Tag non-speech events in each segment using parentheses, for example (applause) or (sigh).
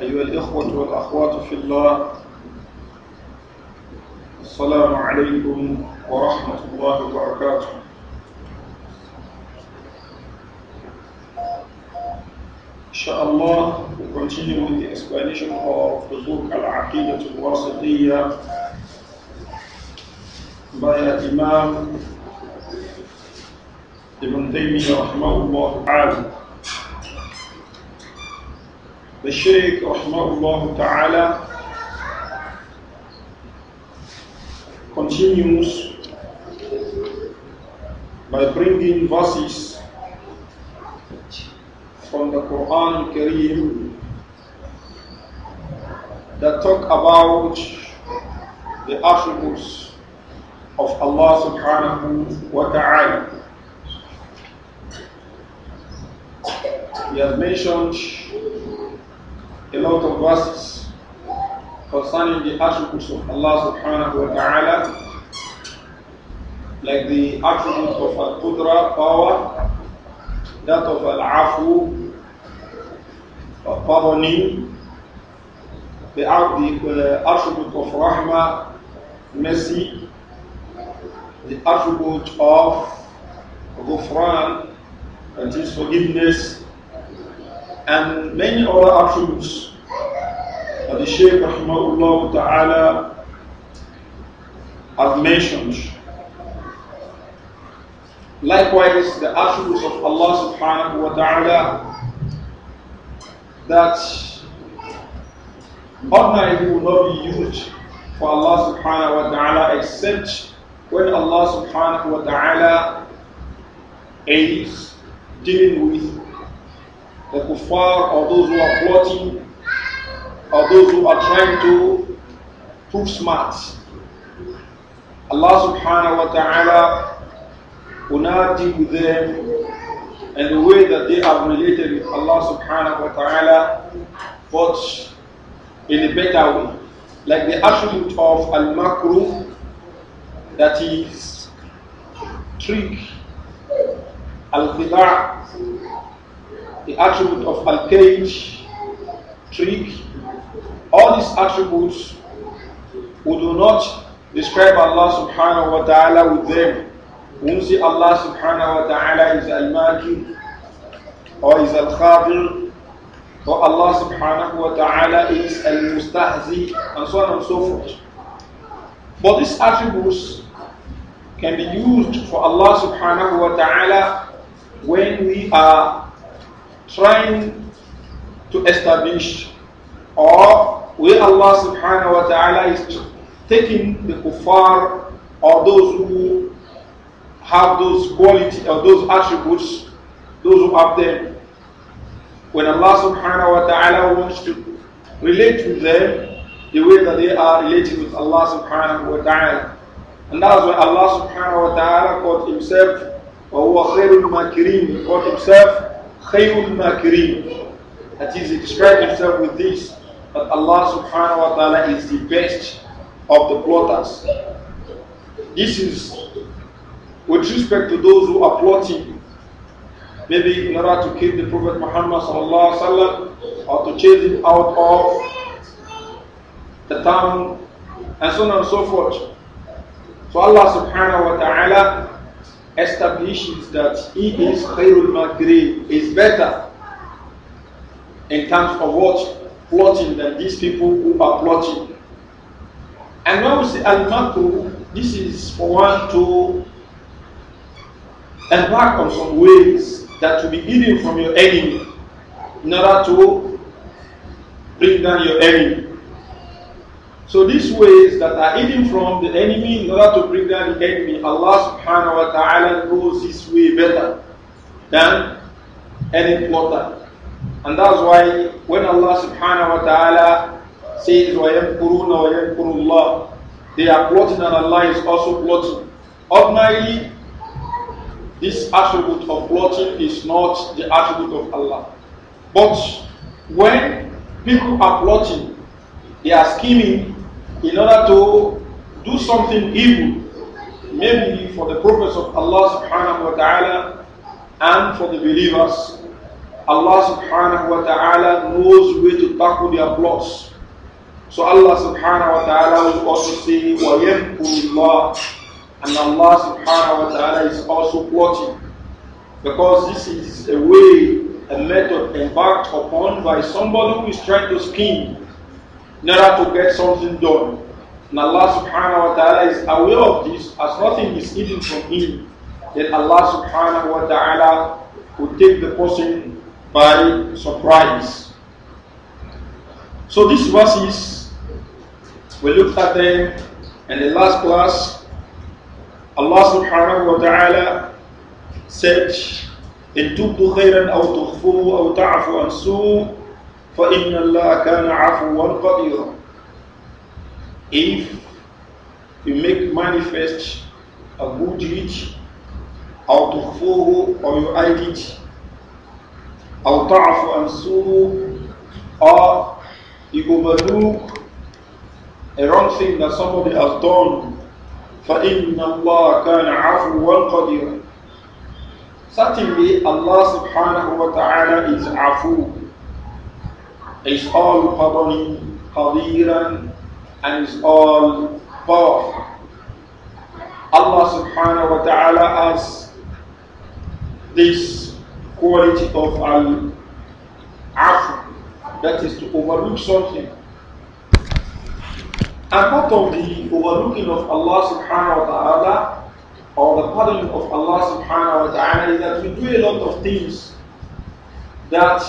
أيها الإخوة والأخوات في الله السلام عليكم ورحمة الله وبركاته Inshallah, we continue with the explanation of the book Al-Aqidat al-Wasitiyya by Imam Ibn Taymiyyah rahmahullah ta'ala. The Shaykh, rahmahullah ta'ala, continues by bringing verses from the Quran Kareem that talk about the attributes of Allah subhanahu wa ta'ala. He has mentioned a lot of verses concerning the attributes of Allah subhanahu wa ta'ala, like the attribute of Al Qudra, power, that of Al Afu, pardoning, the, the uh, attribute of Rahma, mercy, the attribute of Ghufran, that is forgiveness, and many other attributes that the Shaykh Rahmahullah Ta'ala has mentioned. Likewise, the attributes of Allah subhanahu wa ta'ala that ordinarily will not be used for Allah subhanahu wa ta'ala except when Allah subhanahu wa ta'ala is dealing with the kuffar or those who are plotting or those who are trying to prove smart. Allah subhanahu wa ta'ala will not deal with them in the way that they have related with Allah subhanahu wa ta'ala, but in a better way. Like the attribute of al makruh that is trick, al khida' the attribute of al cage trick, all these attributes, we do not describe Allah subhanahu wa ta'ala with them. We don't say Allah subhanahu wa ta'ala is al-maki or is al-khabir or Allah subhanahu wa ta'ala is al-mustahzi and so on and so forth. But these attributes can be used for Allah subhanahu wa ta'ala when we are trying to establish or where Allah subhanahu wa ta'ala is taking the kuffar or those who have those qualities or those attributes, those who have them. When Allah subhanahu wa ta'ala wants to relate with them, the way that they are related with Allah subhanahu wa ta'ala. And that's why Allah subhanahu wa ta'ala called himself وَهُوَ خَيْرُ He called himself Khayrul الْمَاكِرِينَ That is, he described himself with this. But Allah subhanahu wa ta'ala is the best of the plotters. This is with respect to those who are plotting, maybe in order to kill the Prophet Muhammad sallallahu alaihi wasallam or to chase him out of the town, and so on and so forth. So Allah subhanahu wa ta'ala establishes that He is khairul maghrib, is better in terms of what? plotting than these people who are plotting. And when we say Al-Makru, this is for one to embark on some ways that to be hidden from your enemy in order to bring down your enemy. So these ways that are hidden from the enemy in order to bring down the enemy, Allah subhanahu wa ta'ala knows this way better than any plotter. And that's why when Allah subhanahu wa ta'ala says, وَيَمْكُرُونَ وَيَمْكُرُ اللَّهُ They are plotting and Allah is also plotting. Ordinarily, this attribute of plotting is not the attribute of Allah. But when people are plotting, they are scheming in order to do something evil, maybe for the purpose of Allah subhanahu wa ta'ala and for the believers. Allah subhanahu wa ta'ala knows where to tackle their plots. So Allah subhanahu wa ta'ala will also say, وَيَمْكُرُ And Allah subhanahu wa ta'ala is also plotting. Because this is a way, a method embarked upon by somebody who is trying to scheme in order to get something done. And Allah subhanahu wa ta'ala is aware of this as nothing is hidden from him. Then Allah subhanahu wa ta'ala will take the person by surprise. So these verses, we looked at them in the last class. Allah subhanahu wa ta'ala said, إن تبدوا خيرا أو تخفوه أو تعفوا عن سوء فإن الله كان عفوا قديرا If you make manifest a good deed أو تخفوه or you hide it أو ضعف ام سوء or you overlook a wrong thing that somebody has done فإن الله كان عفوا قديرا Certainly Allah subhanahu wa ta'ala is عفو is all pardoning قديرا and is all powerful Allah subhanahu wa ta'ala has this quality of al afu, that is to overlook something. And part of the overlooking of Allah subhanahu wa ta'ala or the pardoning of Allah subhanahu wa ta'ala is that we do a lot of things that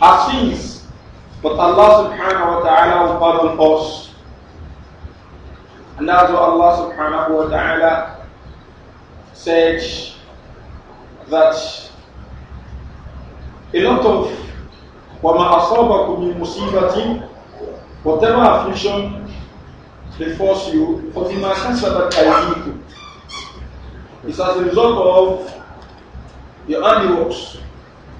are sins, but Allah subhanahu wa ta'ala will pardon us. And that's what Allah subhanahu wa ta'ala said that a lot of وَمَا أَصَابَكُم مِّن مُّصِيبَةٍ Whatever affliction force you, I كَسَبَتْ أَيْدِيكُمْ It's as a result of your handiworks.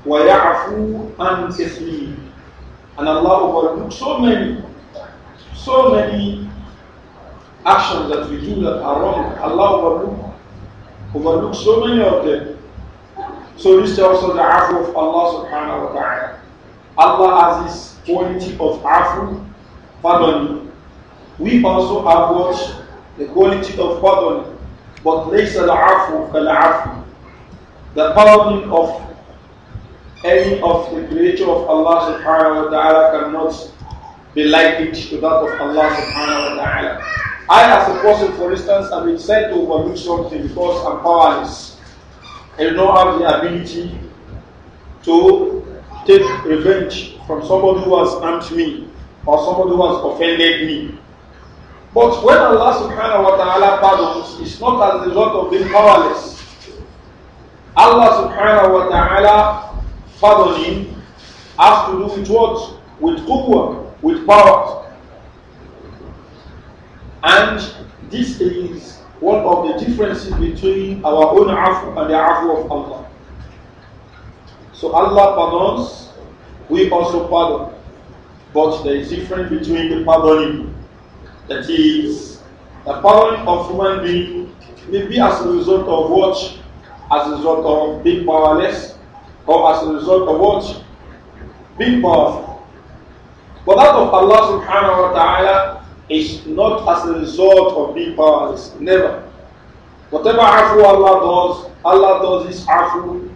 وَيَعْفُو عَنْ كَثِيرٍ And Allah overlooks so many, so many actions that we do that are wrong. Allah overlooks, overlook so many of them. So this is also the afu of Allah subhanahu wa ta'ala. Allah has this quality of afu, pardon. We also have what? The quality of pardon. But laysa al-afu The pardon of any of the creature of Allah subhanahu wa ta'ala cannot be likened to that of Allah subhanahu wa ta'ala. I as a person, for instance, have been sent to overlook something because I'm powerless and you don't have the ability to take revenge from somebody who has harmed me or somebody who has offended me. But when Allah subhanahu wa ta'ala pardons, it's not as a result of being powerless. Allah subhanahu wa ta'ala pardoning has to do with what? With quwwah, with power. And this is one of the differences between our own afu and the afu of Allah. So Allah pardons, we also pardon. But there is difference between the pardoning, that is, the pardoning of human being may be as a result of what? As a result of being powerless, or as a result of what? Being powerful. But that of Allah subhanahu wa ta'ala is not as a result of being powerless. Never. Whatever afu Allah does, Allah does this afu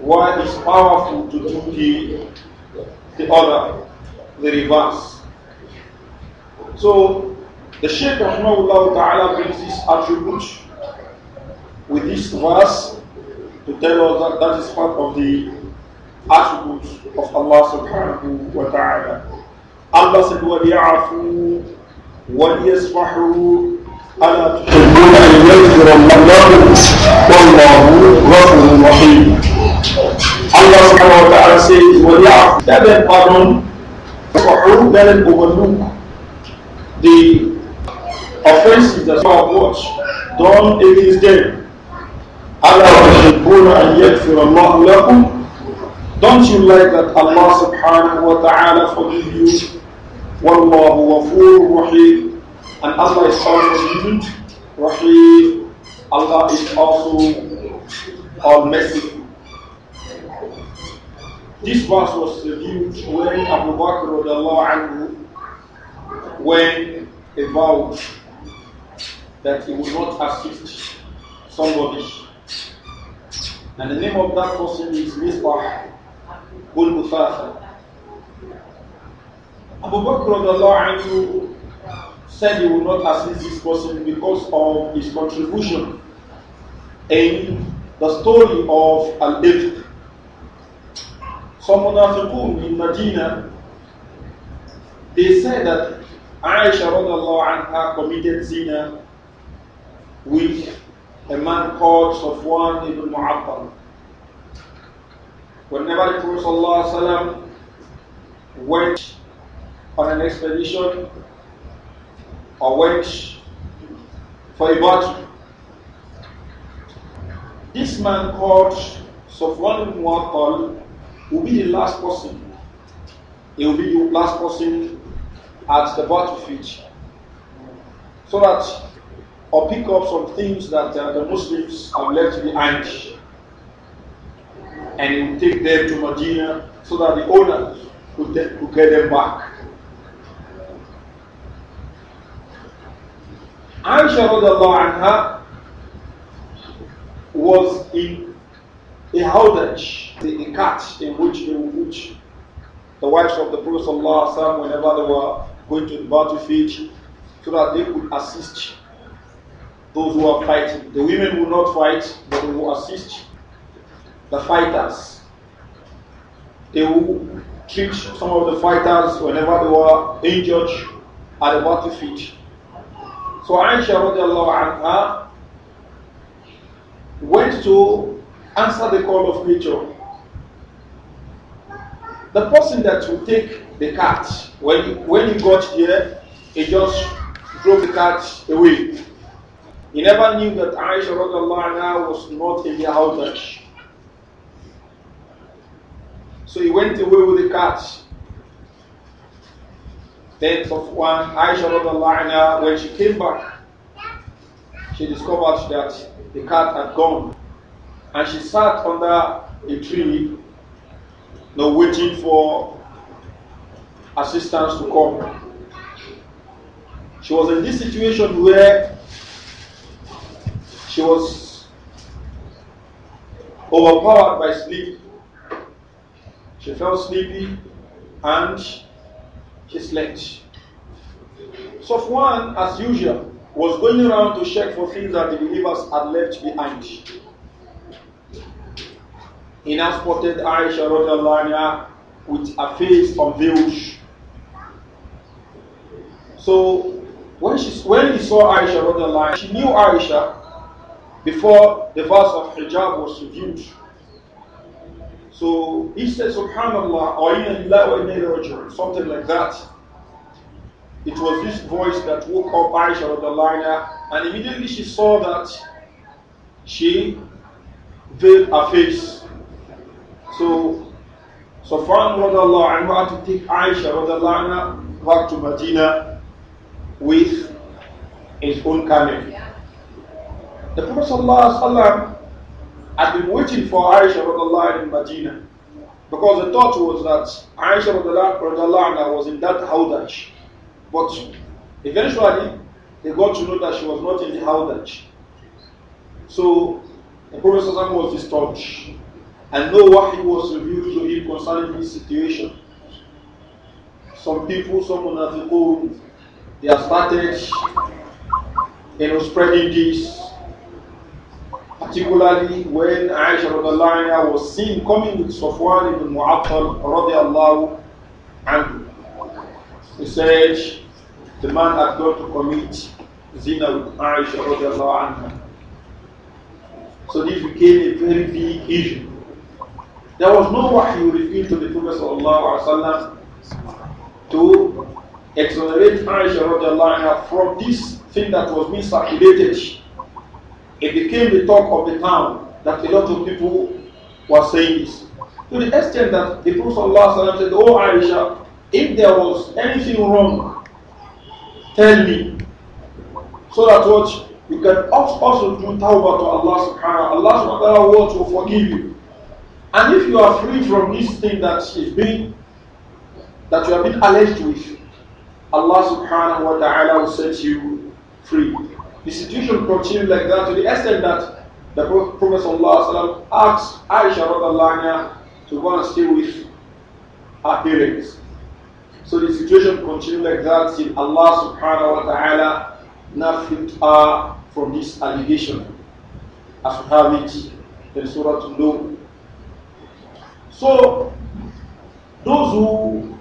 is powerful to do the, the other, the reverse. So the Shaykh Rahmahullah Ta'ala brings this attribute with this verse to tell us that that is part of the attributes of Allah subhanahu wa ta'ala. Allah said, وَلْيَعْفُوا وليصفحوا ألا تحبون أن يغفر الله والله غفور رحيم Allah subhanahu wa ta'ala says, Well, yeah, let them pardon, the offenses that you have much done against them. Allah tuhibbuna an yakfir Allah lakum. Don't you like that Allah subhanahu wa ta'ala forgive you وَاللَّهُ غَفُورٌ رَحِيمٌ And Allah is forgiving, Rahim. Allah is also all merciful. This verse was revealed when Abu Bakr anhu, when he vowed that he would not assist somebody. And the name of that person is Misbah Bul Muthafa. Abu Bakr said he will not assist this person because of his contribution in the story of Al-Ifq. Some munafiqun in Medina, they said that Aisha anha committed zina with a man called Safwan ibn Mu'attal. Whenever the Prophet went on an expedition or went for a battle. This man called Sofwan Muattal will be the last person. He will be the last person at the battlefield. So that or pick up some things that uh, the Muslims have left behind and he will take them to Medina so that the owners could, could get them back. Aisha anha was in a howdaj, a cart in which, in which the wives of the Prophet ﷺ, whenever they were going to the battlefield, so that they could assist those who are fighting. The women will not fight, but they will assist the fighters. They will treat some of the fighters whenever they were injured at the battlefield. So Aisha radiallahu anha went to answer the call of nature. The person that would take the cat, when he, when he got here, he just drove the cat away. He never knew that Aisha anha was not in the house. So he went away with the cat of Safwan, Aisha when she came back, she discovered that the cat had gone. And she sat under a tree, now waiting for assistance to come. She was in this situation where she was overpowered by sleep. She felt sleepy and his legs. Safwan, as usual, was going around to check for things that the believers had left behind. He now spotted Aisha anha, with her face unveiled. So when, she, when he saw Aisha, anha, she knew Aisha before the verse of hijab was revealed. So he said, Subhanallah, or in something like that. It was this voice that woke up Aisha of the liner, and immediately she saw that she veiled her face. So Safran had to take Aisha of the liner back to Medina with his own camel. The Prophet had been waiting for Aisha radiallahu in Medina. Because the thought was that Aisha radiallahu was in that Haudaj. But eventually, they got to know that she was not in the Haudaj. So, the Prophet was disturbed. And no he was revealed to him concerning this situation. Some people, some munafiqun, they have started you know, spreading this particularly when Aisha anha was seen coming with Safwan ibn Mu'attal radiallahu anhu. He said, the man had gone to commit zina with Aisha radiallahu anha. So this became a very big issue. There was no wahyu revealed to the Prophet sallallahu wasallam to exonerate Aisha radiallahu anha from this thing that was being circulated it became the talk of the town that a lot of people were saying this. To the extent that the Prophet ﷺ said, Oh Aisha, if there was anything wrong, tell me. So that what you can also do tawbah to Allah subhanahu wa ta'ala. Allah subhanahu wa ta'ala will forgive you. And if you are free from this thing that is being that you have been alleged with, Allah subhanahu wa ta'ala will set you free the situation continued like that to the extent that the Prophet asked Aisha to go and stay with her parents. So the situation continued like that till Allah subhanahu wa ta'ala now her from this allegation as we have it in Surah al know. So those who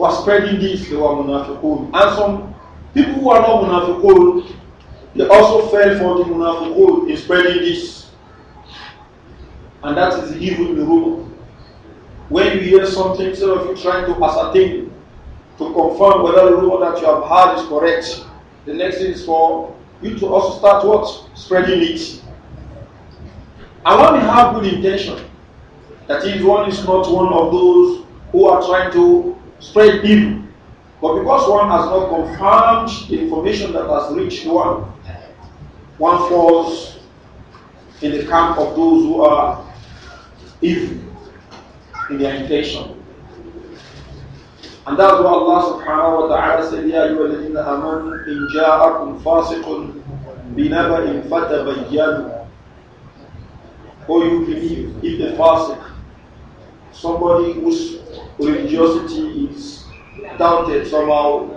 were spreading this, they were munafiqun. And some people who are not munafiqun, they also fell for the munafiqun in spreading this. And that is evil in rumor. When you hear something, instead of you trying to ascertain, to confirm whether the rumor that you have heard is correct, the next thing is for you to also start what? Spreading it. I want to have good intention, that is, one is not one of those who are trying to spread evil. But because one has not confirmed the information that has reached one, one falls in the camp of those who are evil in their intention. And that's why Allah subhanahu wa ta'ala said, Ya ayyuhalladhina amanu in ja'akum fasiqun binaba'in fatabayyanu. Or you believe if the fasiq, somebody whose religiosity is doubted somehow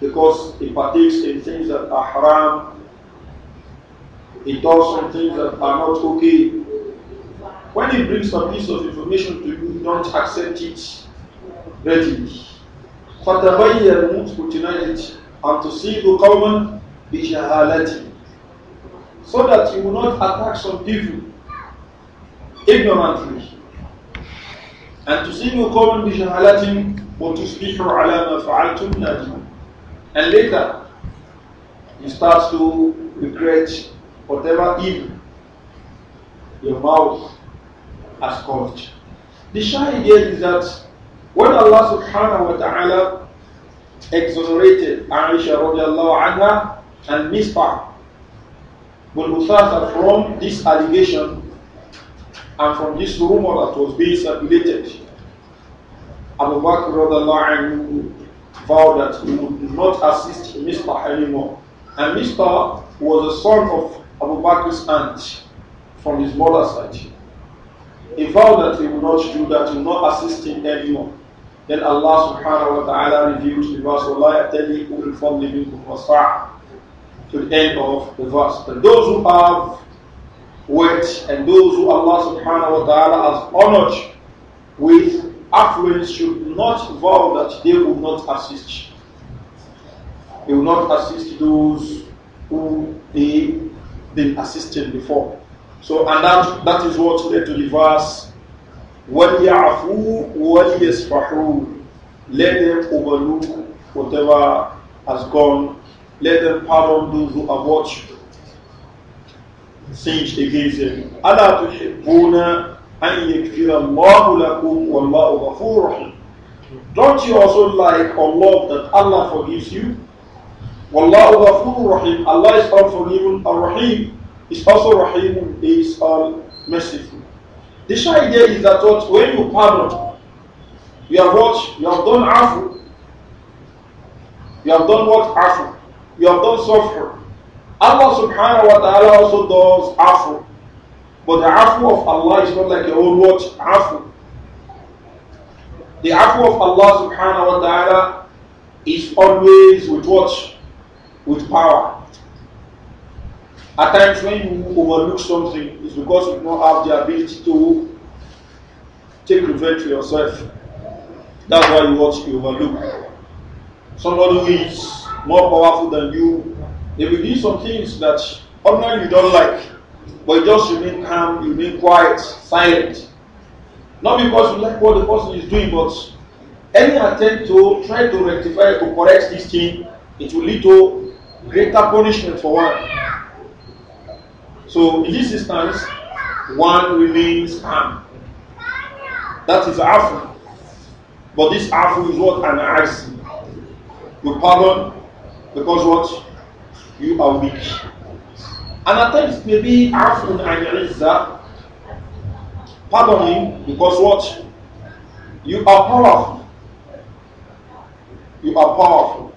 because he partakes in things that are haram he does some things that are not okay. When he brings a piece of information to you, don't accept it readily. فتبين scrutinize it and to see the common بجهالتي so that you will not attack some people ignorantly and to see the common to speak على ما فعلتم نادما and later he starts to regret whatever evil your mouth has caused. The shahid idea is that when Allah subhanahu wa ta'ala exonerated Aisha radiallahu anha and Misbah bin Uthatha from this allegation and from this rumor that was being circulated, Abu Bakr radiallahu anhu vowed that he would not assist Misbah anymore. And Misbah was a son of Abu Bakr's aunt from his mother's side. He vowed that he would not do that, he would not assist him anymore. Then Allah subhanahu wa ta'ala revealed the verse, وَلَا يَتَلِي أُولِي الْفَضْلِ مِنْكُمْ وَالسَّعَةِ To the end of the verse. That those who have wealth and those who Allah subhanahu wa ta'ala has honored with affluence should not vow that they will not assist. They will not assist those who they been assisted before. So, and that, that is what led to the verse, وَلْيَعْفُوا وَلْيَسْفَحُوا Let them overlook whatever has gone. Let them pardon those who have watched sins against them. أَلَا تُحِبُّونَ أَنْ يَكْفِرَ اللَّهُ لَكُمْ وَاللَّهُ غَفُورٌ Don't you also like or love that Allah forgives you? Wallahu ghafurur rahim. Allah is all forgiving and rahim. Is also rahim. He is all merciful. The shy idea is that what when you pardon, you have what? You have done afu. You have done what? Afu. You have done suffer. Allah subhanahu wa ta'ala also does afu. But the afu of Allah is not like your own what? Afu. The afu of Allah subhanahu wa ta'ala is always with what? with power. At times, when you overlook something, it's because you don't have the ability to take revenge for yourself. That's why you watch you overlook. Somebody who is more powerful than you, they will do some things that ordinarily you don't like, but you just remain calm, you remain quiet, silent. Not because you like what the person is doing, but any attempt to try to rectify, to correct this thing, it will lead to greater punishment for one. So in this instance, one remains harm. That is afu. But this afu is what an ice. You pardon because what? You are weak. And at times maybe afu and Pardon him because what? You are powerful. You are powerful.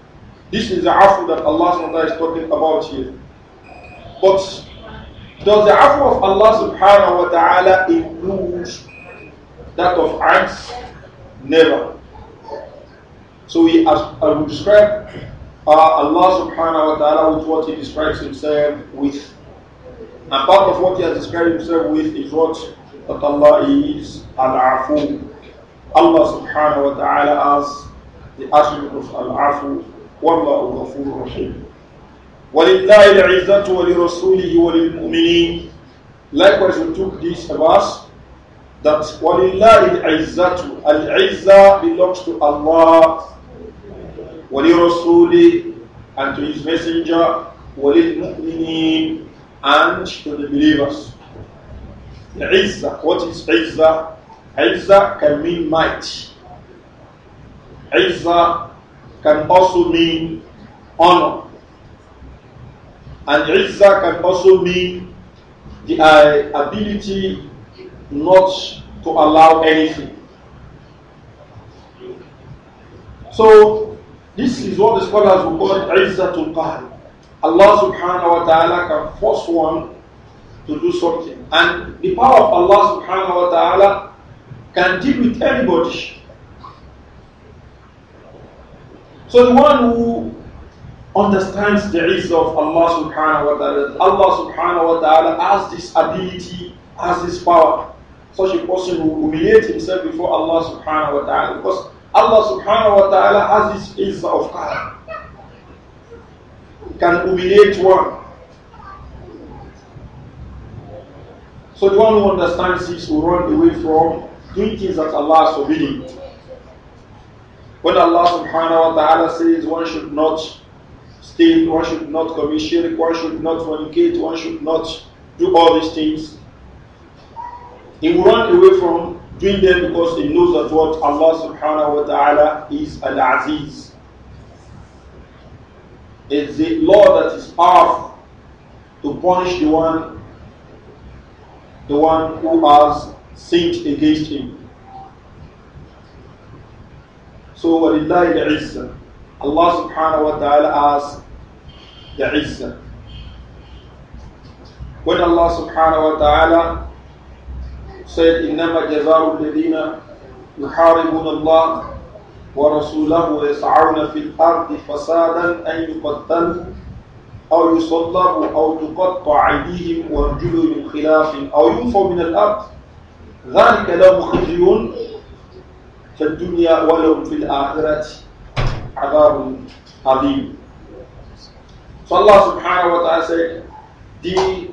This is the afu that Allah is talking about here. But does the afu of Allah subhanahu wa ta'ala include that of ants? Never. So we, as, I would describe uh, Allah subhanahu wa ta'ala with what He describes Himself with. And part of what He has described Himself with is what? That Allah is Al-Afu. Allah subhanahu wa ta'ala as the attribute of Al-Afu. والله غفور رحيم ولله العزة ولرسوله وللمؤمنين Likewise we took this verse that ولله العزة العزة belongs to Allah ولرسوله and to his messenger وللمؤمنين and to the believers Izzah, what is عزة عزة can mean might. عزة can also mean honor. And Izzah can also mean the uh, ability not to allow anything. So, this is what the scholars will call Izzatul Qahr. Allah subhanahu wa ta'ala can force one to do something. And the power of Allah subhanahu wa ta'ala can deal with anybody. So the one who understands the izzah of Allah subhanahu wa ta'ala, Allah subhanahu wa ta'ala has this ability, has this power. Such a person will humiliate himself before Allah subhanahu wa ta'ala because Allah subhanahu wa ta'ala has this izzah of power. Can humiliate one. So the one who understands this will run away from doing things that Allah has forbidding. When Allah subhanahu wa ta'ala says one should not steal, one should not commit shirk, one should not fornicate, one should not do all these things, he will run away from doing them because he knows that what Allah subhanahu wa ta'ala is Al Aziz. It's the law that is powerful to punish the one the one who has sinned against him. So, وَلِلَّهِ الْعِزَّةِ Allah subhanahu wa ta'ala العزة the الله When Allah subhanahu wa ta'ala said, إِنَّمَا جَزَاءُ الَّذِينَ يُحَارِبُونَ اللَّهَ ورسوله ويسعون في الأرض فسادا أن يقتلوا أو يصلبوا أو تقطع أيديهم وأرجلهم من خلاف أو ينفوا من الأرض ذلك لهم خزي في الدنيا ولهم في الآخرة عذاب عظيم So Allah subhanahu wa ta'ala said, the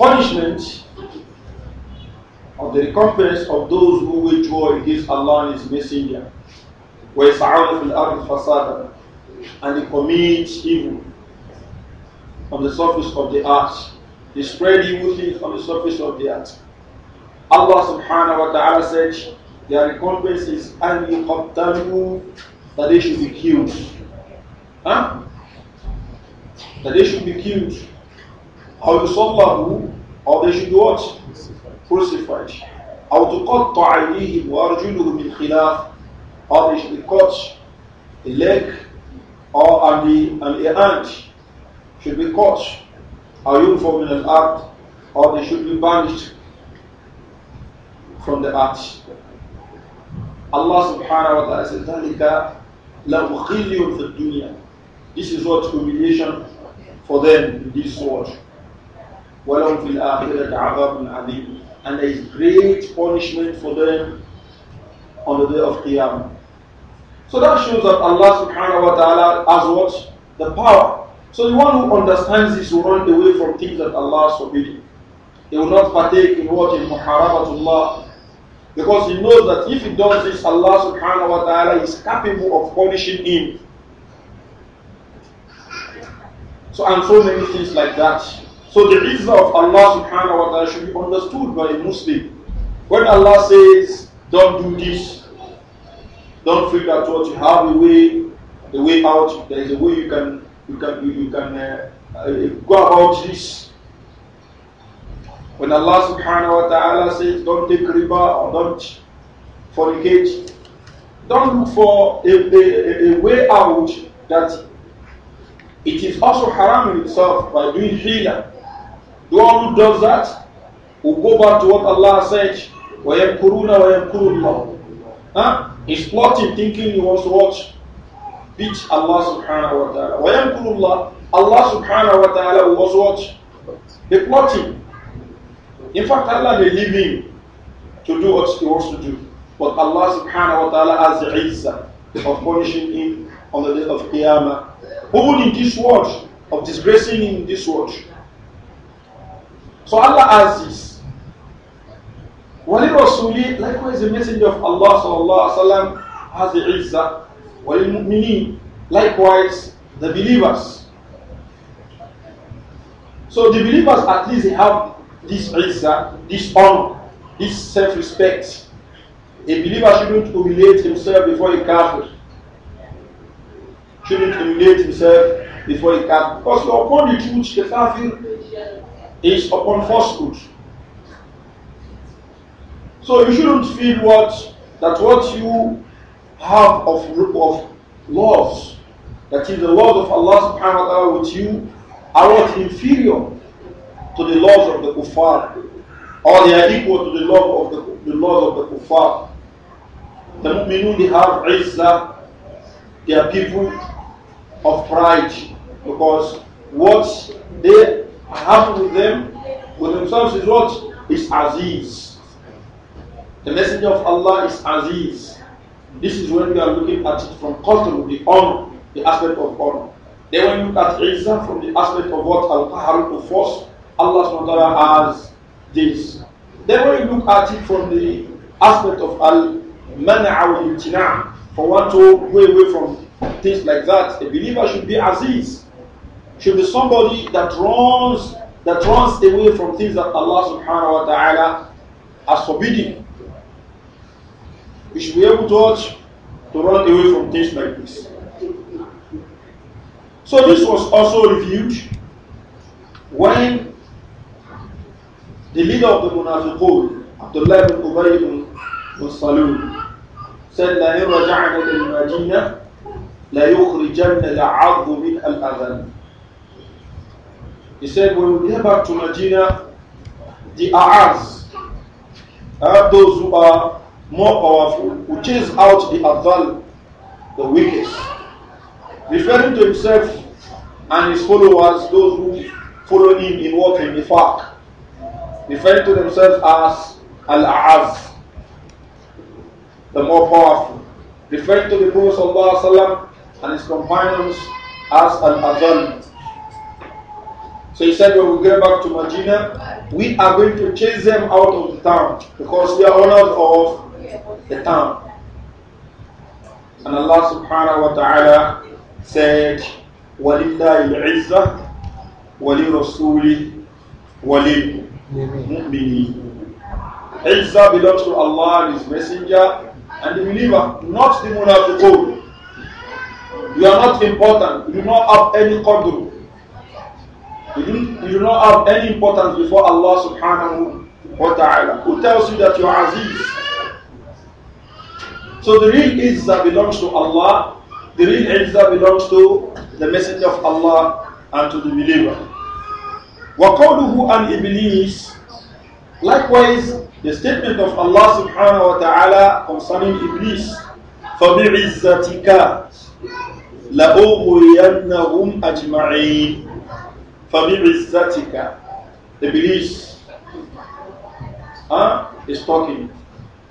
punishment of the recompense of those who withdraw against Allah and His Messenger, وَيَسْعَوْنَ فِي الْأَرْضِ فَسَادًا and they commit evil on the surface of the earth. They spread evil things on the surface of the earth. Allah subhanahu wa ta'ala said, their recompense is أَنْ you that they should be killed. Huh? That they should be killed. أو يصلبوا or they should be what? Crucified. أو تقطع أيديهم وأرجلهم the خلاف or they should be cut a leg or and the, and the hand should be cut or you in an art or they should be banished from the earth. Allah subhanahu wa ta'ala says, ذَلِكَ لَوْخِيٌّ فِي الدُّنْيَا This is what humiliation for them in this world. وَلَوْ فِي الْآخِرَةِ عَذَابٌ عَظِيمٌ And there is great punishment for them on the day of Qiyamah. So that shows that Allah subhanahu wa ta'ala has what? The power. So the one who understands this will run away from things that Allah has forbidden. They will not partake in what? In muharabatullah because he knows that if he does this, Allah subhanahu wa ta'ala is capable of punishing him. So, and so many things like that. So, the izzah of Allah subhanahu wa ta'ala should be understood by a Muslim. When Allah says, don't do this, don't feel that what you have a way, the way out, there is a way you can, you can, you, you can uh, uh, go about this. When Allah subhanahu wa ta'ala says, don't take riba or don't fornicate, don't look for a, a, a way out that it is also haram in itself by doing hila. The one who does that will go back to what Allah said, وَيَمْكُرُونَ وَيَمْكُرُ اللَّهُ huh? He's plotting, thinking he wants to watch, beat Allah subhanahu wa ta'ala. وَيَمْكُرُ اللَّهُ Allah subhanahu wa ta'ala will also watch. They plotting. In fact, Allah may leave him to do what he wants to do. But Allah subhanahu wa ta'ala has the izzah of punishing him on the day of Qiyamah. Even in this world, of disgracing him in this world. So Allah has this. Walil Rasuli, likewise the messenger of Allah sallallahu alayhi wa has the izzah. Walil mu'mineen, likewise the believers. So the believers at least have this izzah, this honor, this self-respect. A believer shouldn't humiliate himself before a kafir. Shouldn't humiliate himself before a kafir. Because you're upon the truth, the kafir is upon falsehood. So you shouldn't feel what that what you have of, of laws, that is the laws of Allah subhanahu wa ta'ala with you, are not inferior to the laws of the kuffar, or they are equal to the law of the, the laws of the kuffar. The mu'minun, they have izzah, they are people of pride, because what they have with them, with themselves is what? Is aziz. The messenger of Allah is aziz. This is when we are looking at it from culture, the honor, the aspect of honor. Then when we look at izzah from the aspect of what? Al-Qahar, to force, Allah taala has this. Then when you look at it from the aspect of al-man'a for one to go away from things like that, a believer should be aziz, should be somebody that runs that runs away from things that Allah subhanahu wa ta'ala has forbidden. We should be able to watch, to run away from things like this. So this was also reviewed when The leader of the Munafiqun, Abdullah ibn Ubay ibn Salul, said, لَإِنْ رَجَعْنَا لِلْمَدِينَةِ لَيُخْرِجَنَّ الْعَظُّ مِنْ الْأَذَنِ He said, when we get back to Medina, the Aaz, uh, those who are more powerful, who chase out the Adhal, the weakest, referring to himself and his followers, those who follow him in walking the park. referring to themselves as Al-A'az, the more powerful, referring to the Prophet and his companions as al azal So he said, when we get back to Medina, we are going to chase them out of the town because they are owners of the town. And Allah subhanahu wa ta'ala said, وَلِلَّهِ الْعِزَّةِ وَلِرَسُولِهِ وَلِلْمُ mu'mini. Izzah belongs to Allah and His Messenger and the believer, not the munafiqun. You are not important. You do not have any qadr. You do, you do not have any importance before Allah subhanahu wa ta'ala. Who tells you that you are Aziz? So the real Izzah belongs to Allah. The real Izzah belongs to the Messenger of Allah and to the believer. وَقَوْلُهُ an إِبْلِيسِ Likewise, the statement of Allah subhanahu wa ta'ala concerning Iblis, فَبِعِزَّتِكَ لَأُغْوِيَنَّهُمْ أَجْمَعِينَ فَبِعِزَّتِكَ Iblis huh, is talking.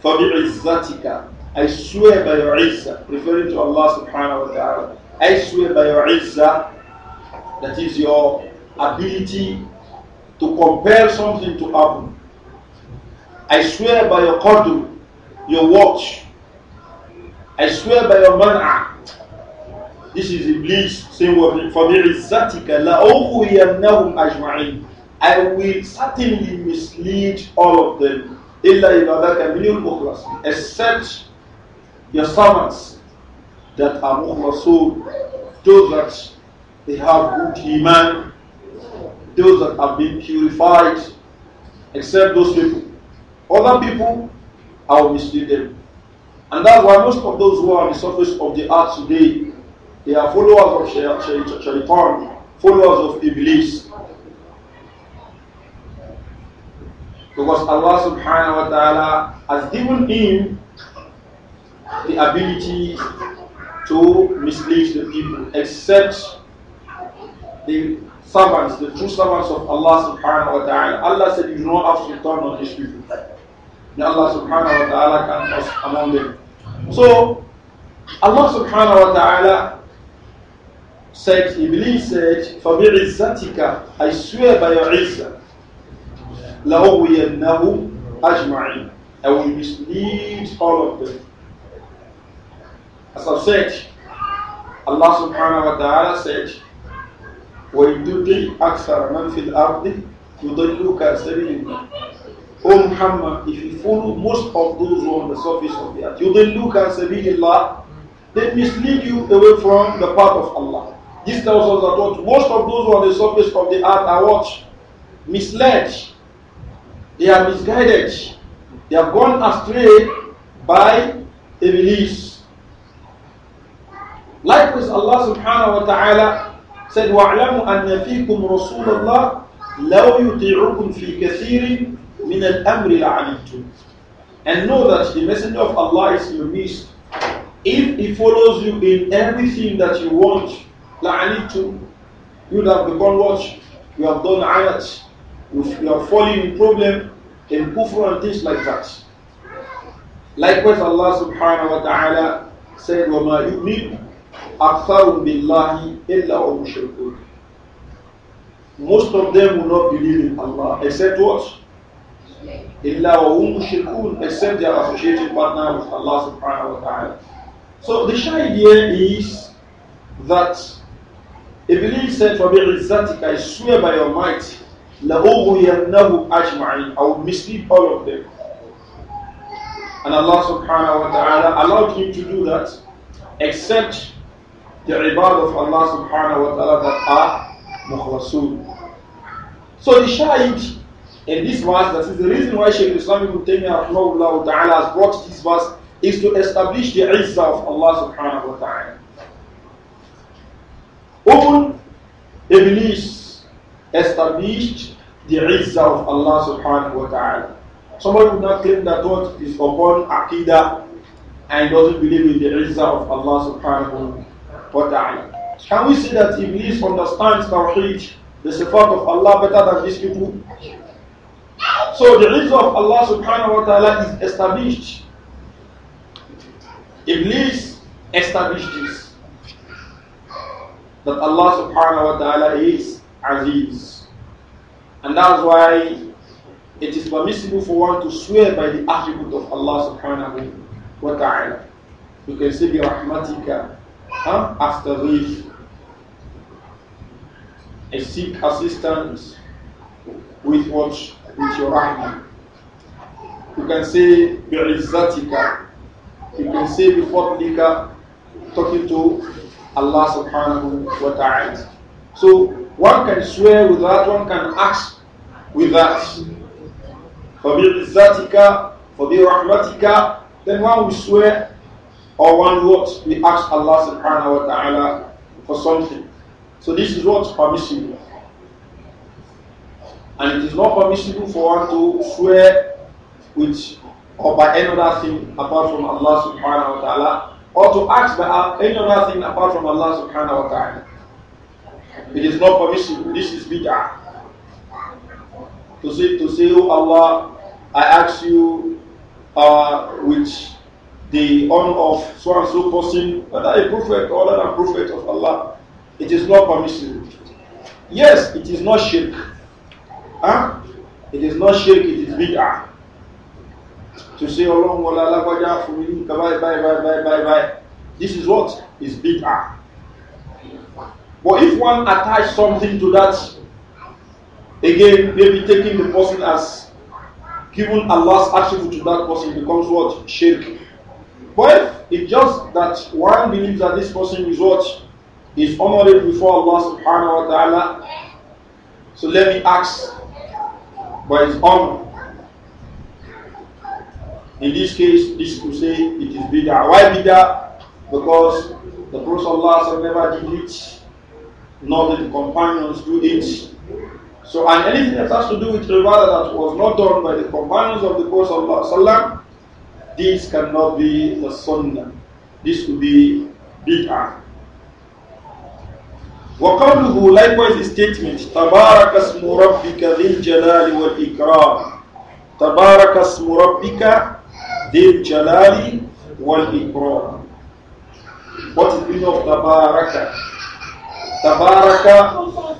فَبِعِزَّتِكَ I swear by your izzah, referring to Allah subhanahu wa ta'ala. I swear by your izzah, that is your ability to compel something to happen. I swear by your qadr, your watch. I swear by your man'a. This is Iblis saying, فَبِعِزَّتِكَ لَأُغْوِيَنَّهُمْ أَجْمَعِينَ I will certainly mislead all of them. Except your servants that are مُخْلَصُونَ, those that they have good iman, those that have been purified, except those people. Other people, I will mislead them. And that's why most of those who are on the surface of the earth today, they are followers of Shaitan, followers of Iblis. Because Allah subhanahu wa ta'ala has given him the ability to mislead the people, except the servants, the true servants of Allah subhanahu wa ta'ala. Allah said, You do not have sultan on these people. May Allah subhanahu wa ta'ala can us among them. So, Allah subhanahu wa ta'ala said, Iblis said, فَبِعِزَّتِكَ I swear by your Izzah, لَأُغْوِيَنَّهُمْ أَجْمَعِينَ I will mislead all of them. As I said, Allah subhanahu wa ta'ala said, وَيُدِلِّ أَكْثَرَ مَنْ فِي الْأَرْضِ the كَأَسَبِيلٍ O oh Muhammad, if you follow most of those who are on the surface of the earth, you look يُضِلُّ كَأَسَبِيلٍ they mislead you away from the path of Allah. This tells us that what most of those who are on the surface of the earth are what? Misled. They are misguided. They have gone astray by a belief. Likewise, Allah subhanahu wa ta'ala said, وَاعْلَمُوا أَنَّ فِيكُمْ رَسُولَ اللَّهِ لَوْ يُطِيعُكُمْ فِي كَثِيرٍ مِنَ الْأَمْرِ لَعَلِمْتُمْ And know that the Messenger of Allah is in your midst. If he follows you in everything that you want, لَعَلِمْتُمْ You would have become what? You have done ayat. You are falling in problem, in kufr and things like that. Likewise, Allah subhanahu wa ta'ala said, وَمَا يُؤْمِنُ أَكْثَرُ بِاللَّهِ Most of them will not believe in Allah, except what? Illa وَهُمْ مُشْرِكُونَ Except their associated partner with Allah subhanahu wa ta'ala. So the shy idea is that believer said, فَبِعِزَّتِكَ I swear by your might, لَأُغْوِيَنَّهُمْ أَجْمَعِينَ I will mislead all of them. And Allah subhanahu wa ta'ala allowed him to do that, except the ibad of Allah subhanahu wa ta'ala that are muhlasun. So the shahid in this verse, that is the reason why Shaykh Islam ibn Taymiyyah ta'ala has brought this verse, is to establish the izzah of Allah subhanahu wa ta'ala. Even Iblis established the izzah of Allah subhanahu wa ta'ala. Somebody would not claim that what is upon Aqidah and doesn't believe in the izzah of Allah subhanahu wa ta'ala. وَتَعَالَى Can we say that Iblis understands Tawheed, the support of Allah better than these people? So the reason of Allah subhanahu wa ta'ala is established. Iblis established this. That Allah subhanahu wa ta'ala is Aziz. And that's why it is permissible for one to swear by the attribute of Allah subhanahu wa ta'ala. You can say, Bi rahmatika Am Astarif, I seek assistance with what? With your hand. You can say bi'izzatika. You can say bifadlika, talking to Allah subhanahu wa ta'ala. So one can swear with that, one can ask with that. For bi'izzatika, for the rahmatika, then one will swear or one what? We ask Allah subhanahu wa ta'ala for something. So this is what's permissible. And it is not permissible for one to swear which or by any other thing apart from Allah subhanahu wa ta'ala or to ask by any other thing apart from Allah subhanahu wa ta'ala. It is not permissible. This is bid'ah. To say, to say, oh Allah, I ask you uh, which the honor of so and so person, whether a prophet or other prophet of Allah, it is not permissible. Yes, it is not shirk. Huh? It is not shirk, it is bid'ah. To say, Along Allah, bye, bye, bye, bye, bye, bye. This is what is bid'ah. But if one attach something to that, again, maybe taking the person as given Allah's attribute to that person becomes what? Shirk. Well, it's just that one believes that this person is what is honored before Allah subhanahu wa ta'ala. So let me ask by his honor. In this case, this to say it is bid'ah. Why bid'ah? Because the Prophet Allah never did it, nor did the companions do it. So, and anything that has to do with ribadah that was not done by the companions of the Prophet this cannot be the sunnah. This will be bid'ah. وقوله likewise the statement تبارك اسم ربك ذي الجلال والإكرام تبارك اسم ربك ذي الجلال والإكرام What is the meaning of تبارك تبارك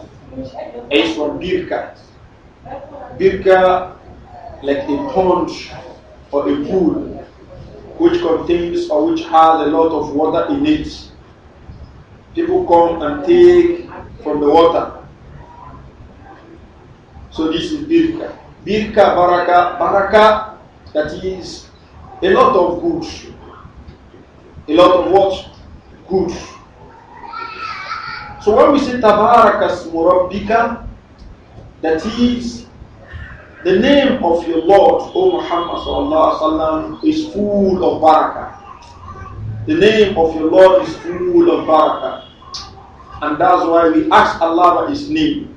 is from birka birka like a pond or a pool which contains or which has a lot of water in it. People come and take from the water. So this is birka. Birka, baraka, baraka, that is a lot of good. A lot of what? Good. So when we say tabaraka smurabbika, that is the name of your Lord, O Muhammad sallallahu alaihi wasallam, is full of barakah. The name of your Lord is full of barakah. And that's why we ask Allah by His name.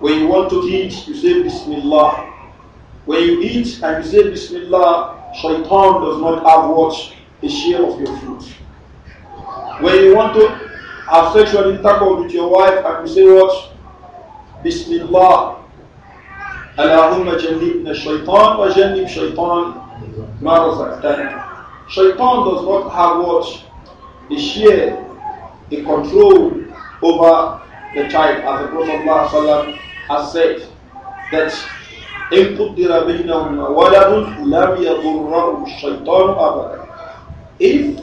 When you want to eat, you say Bismillah. When you eat and you say Bismillah, shaitan does not have what? A share of your food. When you want to have sexual intercourse with your wife and you say what? Bismillah, اللهم جنبنا الشيطان وجنب شيطان ما رزقتنا Shaitan does not have what? share, the control over the child. As the Prophet ﷺ has said, that إن قدر بينهما ولد If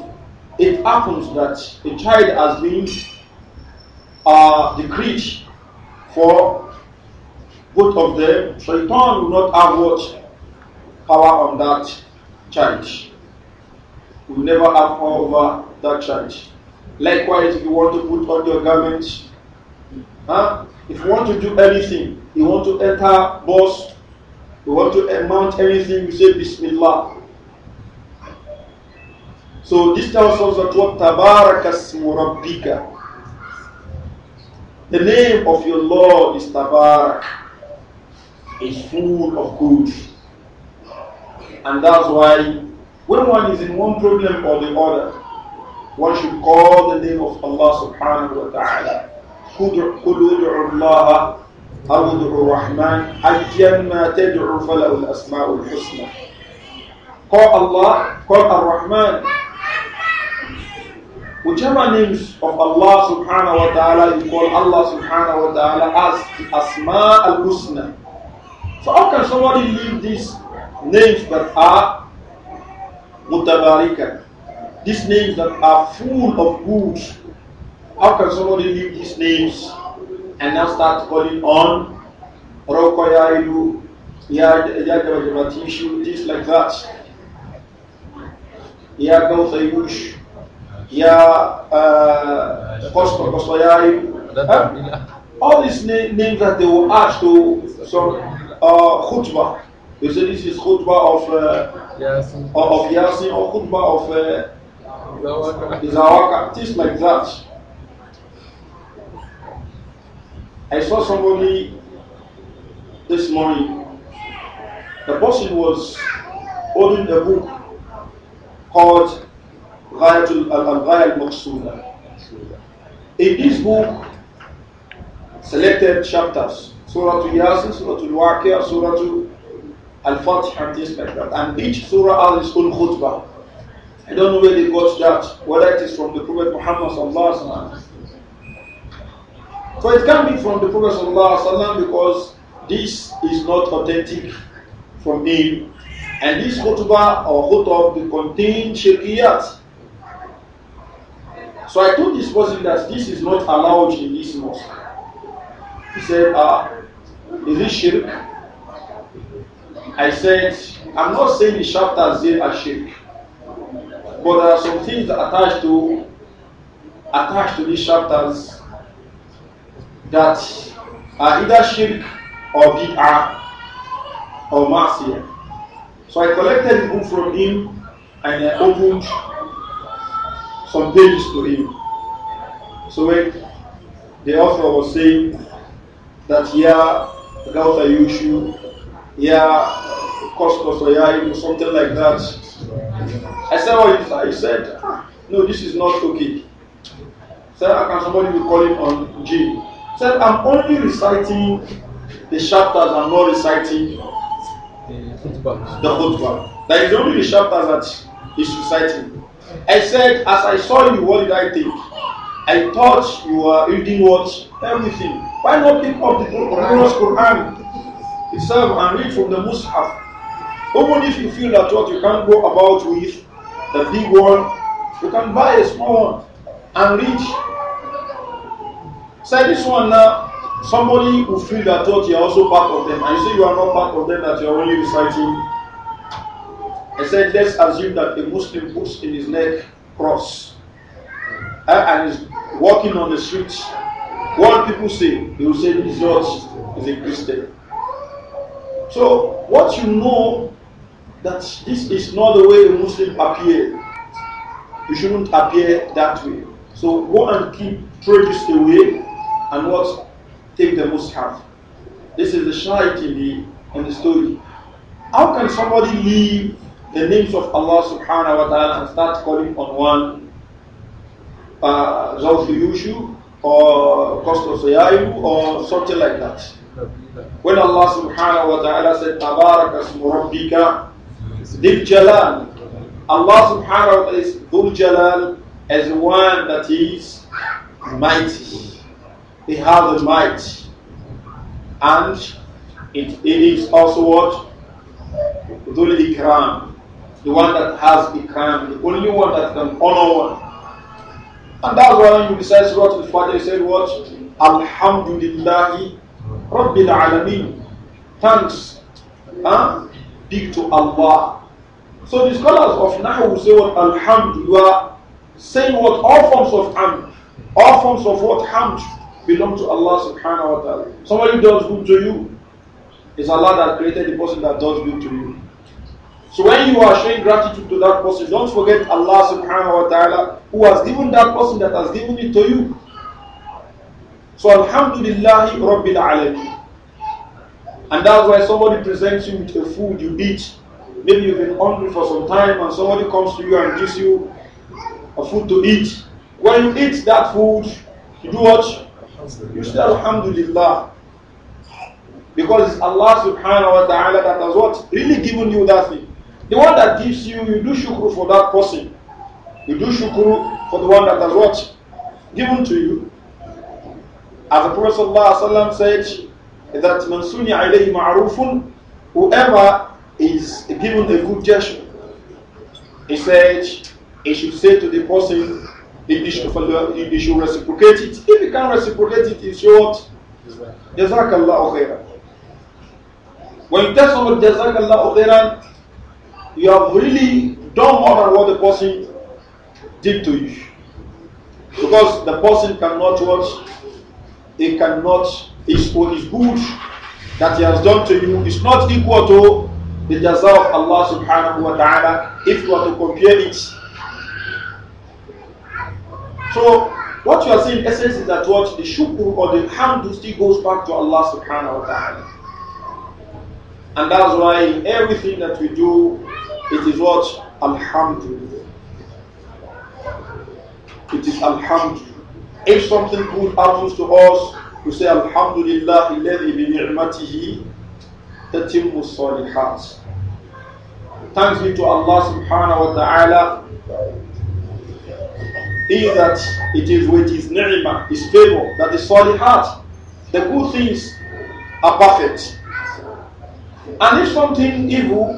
it happens that a child has been uh, decreed for both of them, shaitan will not have what power on that child. Will never have power over that child. Likewise, if you want to put on your garment, huh? if you want to do anything, you want to enter boss. you want to mount anything, you say Bismillah. So this tells us that what Tabarakas Murabbika. The name of your Lord is Tabarak is full of good. And that's why when one is in one problem or the other, one should call the name of Allah subhanahu wa ta'ala. أو Call Allah, call Ar-Rahman. Whichever names of Allah subhanahu wa ta'ala you call Allah subhanahu wa ta'ala as the Asma al-Husna. So how can somebody leave these names that are mutabarika? These names that are full of good. How can somebody leave these names and now start calling on Roko Yaidu, Yadabatishu, things like that? Ya Gautayush, Ya Kosto, uh, Kosto All these na names that they were asked to some uh, khutbah. you say this is khutbah of uh, Yasin. Or of Yasin or khutbah of uh, Zawaka. Zawaka. like that. I saw somebody this morning. The person was holding a book called Ghayatul Al-Ghayat Maqsuda. In this book, selected chapters Surah to Yasin, Surah to Waqia, Surah to Al-Fatih and things like that. And each surah has its own khutbah. I don't know where they got that, whether it is from the Prophet Muhammad sallallahu So it can be from the Prophet sallallahu because this is not authentic from him. And this khutbah or khutbah they contain shirkiyat. So I told this person that this is not allowed in this mosque. He said, ah, Is it shirk? I said, I'm not saying the chapters here are shirk. But there are some things attached to attached to these chapters that are either shirk or bid'ah or marcia. So I collected the book from him and I opened some pages to him. So when the author was saying that here without a issue, yeah, cost or or something like that. I said, what oh, he said, ah, no, this is not okay. Said, I can somebody be calling on G? Said, I'm only reciting the chapters, I'm not reciting the whole book. That is only the chapters that he's reciting. I said, as I saw you, what did I think? I thought you were reading what? Everything. Why not pick up the Quran, Quran itself and read from the Mus'haf? Even if you feel that what you can't go about with the big one, you can buy a small one and read. Say this one now, somebody who feel that thought, you are also part of them, and you say you are not part of them, that you are only reciting. I said, let's assume that a Muslim puts in his neck cross uh, and is walking on the streets What people say, they will say this he's a Christian. So what you know that this is not the way a Muslim appear. You shouldn't appear that way. So go and keep traces away and what take the mushaf. This is the shahid in the in the story. How can somebody leave the names of Allah subhanahu wa ta'ala and start calling on one uh Zawfu Yushu or cost of or something like that. When Allah subhanahu wa ta'ala said, Tabarak asmu rabbika Dil jalal. Allah subhanahu wa ta'ala is Dil jalal as one that is mighty. He has the might. And it, it is also what? Dhul ikram. The one that has ikram. The only one that can honor one. And that's why he says, what the father, he said what? Alhamdulillahi Rabbil Alameen. Thanks. Huh? Big to Allah. So the scholars of Nahu will say what Alhamdulillah, you are saying what all forms of Hamd, all forms of what Hamd belong to Allah subhanahu wa ta'ala. Somebody does good to you, it's Allah that created the person that does good to you. So when you are showing gratitude to that person, don't forget Allah subhanahu wa ta'ala who has given that person that has given it to you. So Alhamdulillah Rabbil Alameen. And that's why somebody presents you with a food you eat. Maybe you've been hungry for some time and somebody comes to you and gives you a food to eat. When you eat that food, you do what? You say Alhamdulillah. Because it's Allah subhanahu wa ta'ala that has what? Really given you that thing. The one that gives you, you do shukru for that person. You do shukru for the one that has what? Given to you. As the Prophet ﷺ said, that Mansuni alayhi ma'rufun, whoever is given a good gesture, he said, he should say to the person, he should, he should reciprocate it. If he can't reciprocate it, it's your what? Jazakallah khairan. When you tell someone Jazakallah khairan, you have really done more than what the person did to you. Because the person cannot what he cannot his own good that he has done to you is not equal to the jaza of Allah subhanahu wa ta'ala if you are to compare it. So what you are saying in essence is that what the shukr or the hamdu still goes back to Allah subhanahu wa ta'ala. And that's why everything that we do what? Alhamdulillah. It is Alhamdulillah. If something good happens to us, we say Alhamdulillah bi nī'matihī تتم الصالحات. Thanks be to Allah subhanahu wa ta'ala. He that it is with his ni'mah, his favor, that the salihat, the good things are perfect. And if something evil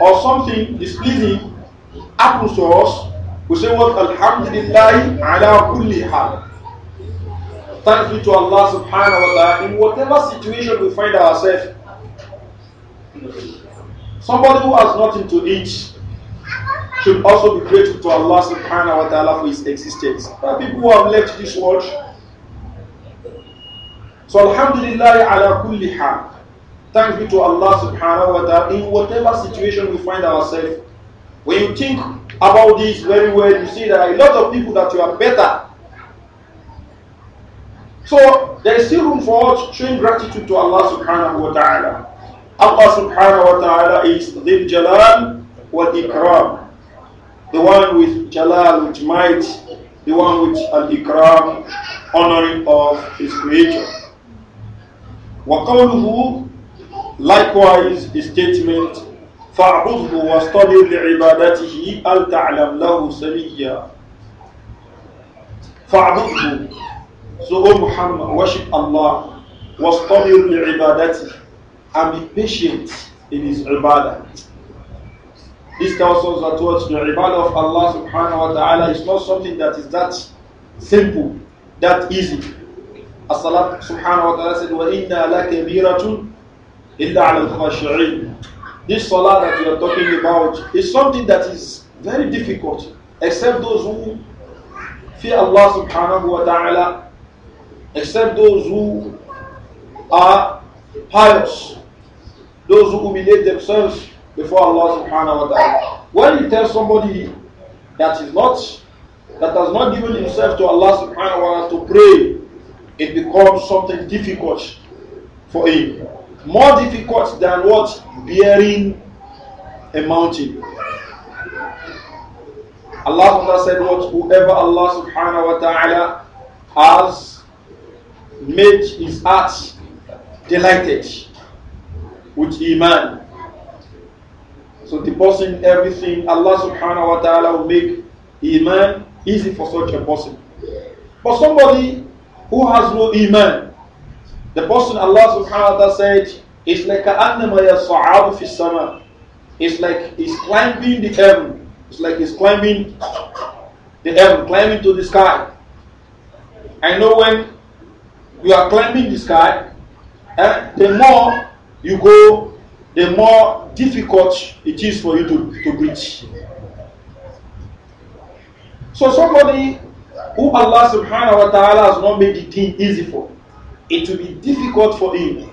or something displeasing happens to us, we say what Alhamdulillah ala kulli hal. Thank you to Allah subhanahu wa ta'ala in whatever situation we find ourselves. Somebody who has nothing to eat should also be grateful to Allah subhanahu wa ta'ala for his existence. people who have left this world. So Alhamdulillah ala kulli hal. Thanks be to Allah subhanahu wa ta'ala in whatever situation we find ourselves. When you think about this very well, you see there are a lot of people that you are better. So there is still room for us to train gratitude to Allah subhanahu wa ta'ala. Allah subhanahu wa ta'ala is the Jalal wa Ikram. The one with Jalal, which might, the one with Al Ikram, honoring of his creature. وقوله Likewise, his statement, فَعْبُدْهُ وَاسْطَبِرْ لِعِبَادَتِهِ أَلْ تَعْلَمْ لَهُ سَمِيًّا فَعْبُدْهُ So, O Muhammad, worship Allah, وَاسْطَبِرْ لِعِبَادَتِهِ And be patient in his ibadah. This tells us that what the ibadah of Allah subhanahu wa ta'ala is not something that is that simple, that easy. As Allah subhanahu wa ta'ala said, وَإِنَّا لَكَبِيرَةٌ al This salah that we are talking about is something that is very difficult, except those who fear Allah subhanahu wa ta'ala, except those who are pious, those who humiliate themselves before Allah subhanahu wa ta'ala. When you tell somebody that is not, that has not given himself to Allah subhanahu wa ta'ala to pray, it becomes something difficult for him more difficult than what bearing a mountain. Allah said what whoever Allah subhanahu wa ta'ala has made his heart delighted with iman. So depositing everything Allah subhanahu wa ta'ala will make iman easy for such a person. But somebody who has no iman the person Allah subhanahu wa ta'ala said, it's like fi sama. It's like he's climbing the heaven. It's like he's climbing the heaven, climbing to the sky. I know when you are climbing the sky, eh, the more you go, the more difficult it is for you to, to reach. So somebody who Allah subhanahu wa ta'ala has not made the thing easy for, it will be difficult for him.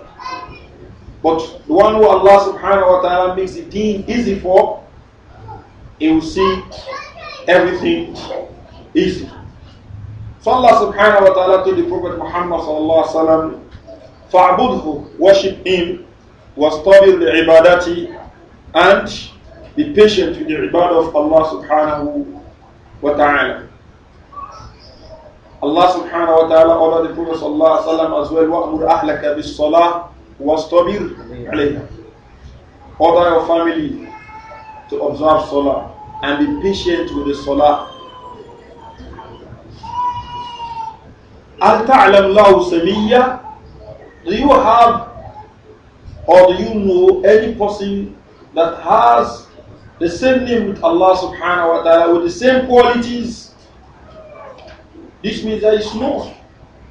But the one who Allah subhanahu wa ta'ala makes the deen easy for, he will see everything easy. So Allah subhanahu wa ta'ala told the Prophet Muhammad sallallahu alayhi wa sallam, فَعْبُدْهُ Worship him, وَاسْتَبِرْ لِعِبَادَتِ And be patient with the ibadah of Allah subhanahu wa ta'ala. Allah subhanahu wa ta'ala ordered the Prophet sallallahu alaihi wasallam as well, وَأْمُرْ أَحْلَكَ بِالصَّلَاةِ وَاسْتَبِرْ عَلَيْهَا Order your family to observe Salah and be patient with the Salah. أَلْ تَعْلَمْ لَهُ سَمِيًّا Do you have or do you know any person that has the same name with Allah subhanahu wa ta'ala with the same qualities this means there is no.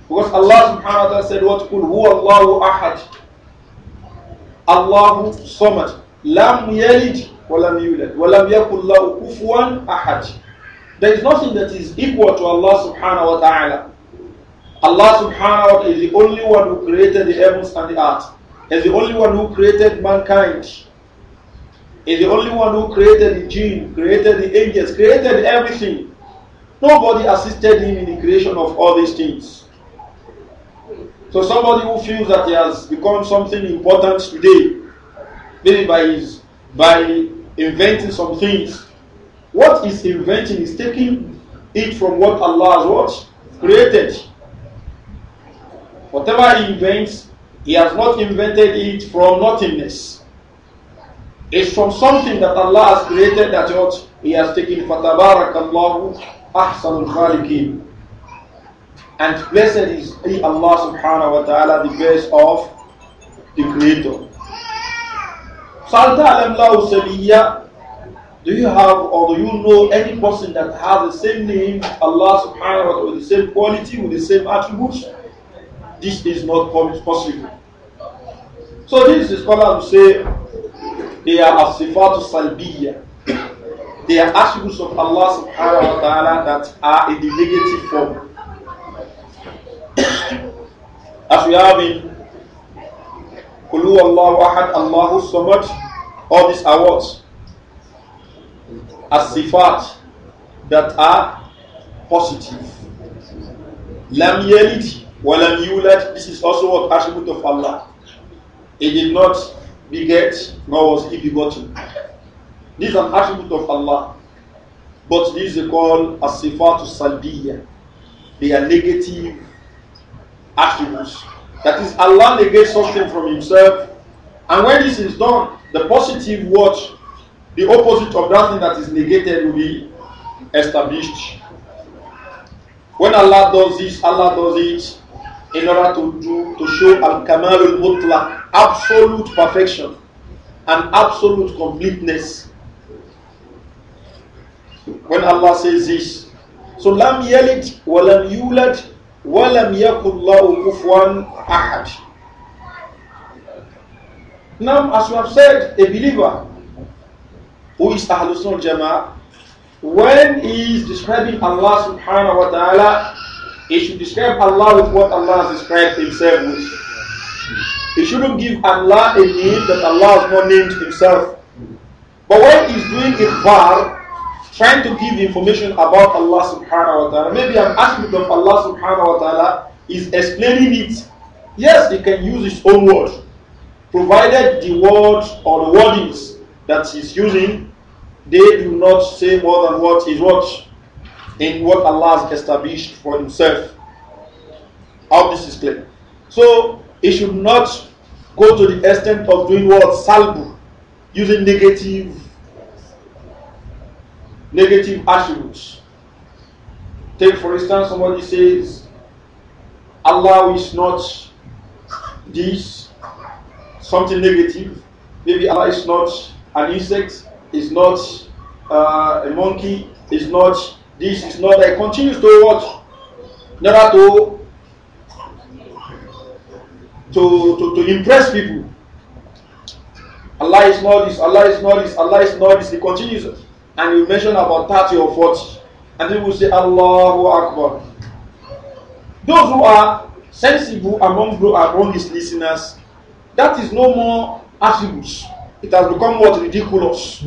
Because Allah subhanahu wa ta'ala said, What could who Allahu ahad? Allahu samad. Lam yalid wa lam yulad. Wa lam yakul lahu kufuwan ahad. There is nothing that is equal to Allah subhanahu wa ta'ala. Allah subhanahu wa ta'ala is the only one who created the heavens and the earth. Is the only one who created mankind. Is the only one who created the jinn, created the angels, created everything. Nobody assisted him in the creation of all these things. So somebody who feels that he has become something important today, maybe by his, by inventing some things, what he's inventing is taking it from what Allah has what created. Whatever he invents, he has not invented it from nothingness. It's from something that Allah has created that what he has taken ahsanul khaliqin. And blessed is He, Allah subhanahu wa ta'ala, the best of the Creator. Do you have or do you know any person that has the same name, Allah subhanahu wa ta'ala, with the same quality, with the same attributes? This is not possible. So this is the to say they are as-sifatu salbiyya. They are attributes of Allah subhanahu wa ta'ala that are in the negative form. As we have in Kulu Allah Ahad Allahu Samad, all these are As sifat that are positive. Lam yalid wa lam yulad, this is also a attribute of Allah. He did not beget, nor was he begotten. These is an attribute of Allah. But these are called asifatu salbiya. They are negative attributes. That is, Allah negates something from Himself. And when this is done, the positive watch, the opposite of that thing that is negated, will be established. When Allah does this, Allah does it in order to do to show al kamal al mutlaq absolute perfection and absolute completeness when Allah says this, so lam yalit wa lam walam wa lam yakullahu kufwan ahad. Now, as we have said, a believer who is a Sunnah Jama'ah, when he is describing Allah subhanahu wa ta'ala, he should describe Allah with what Allah has described himself with. He shouldn't give Allah a name that Allah has not named himself. But when he's doing ikhbar, trying to give information about Allah subhanahu wa ta'ala. Maybe I'm asking them. Allah subhanahu wa ta'ala is explaining it. Yes, he can use his own word, provided the word or the wordings that he's using, they do not say more than what is what in what Allah has established for himself. How this is clear. So he should not go to the extent of doing what salbu, using negative negative attributes. Take, for instance, somebody says, Allah is not this, something negative. Maybe Allah is not an insect, is not uh, a monkey, is not this, is not that. Continues to what? Never to, to, to, to impress people. Allah is not this, Allah is not this, Allah is not this. He continues and you mention about thirty or forty, and people say, Allahu Akbar. Those who are sensible among, among his listeners, that is no more attributes. It has become what ridiculous.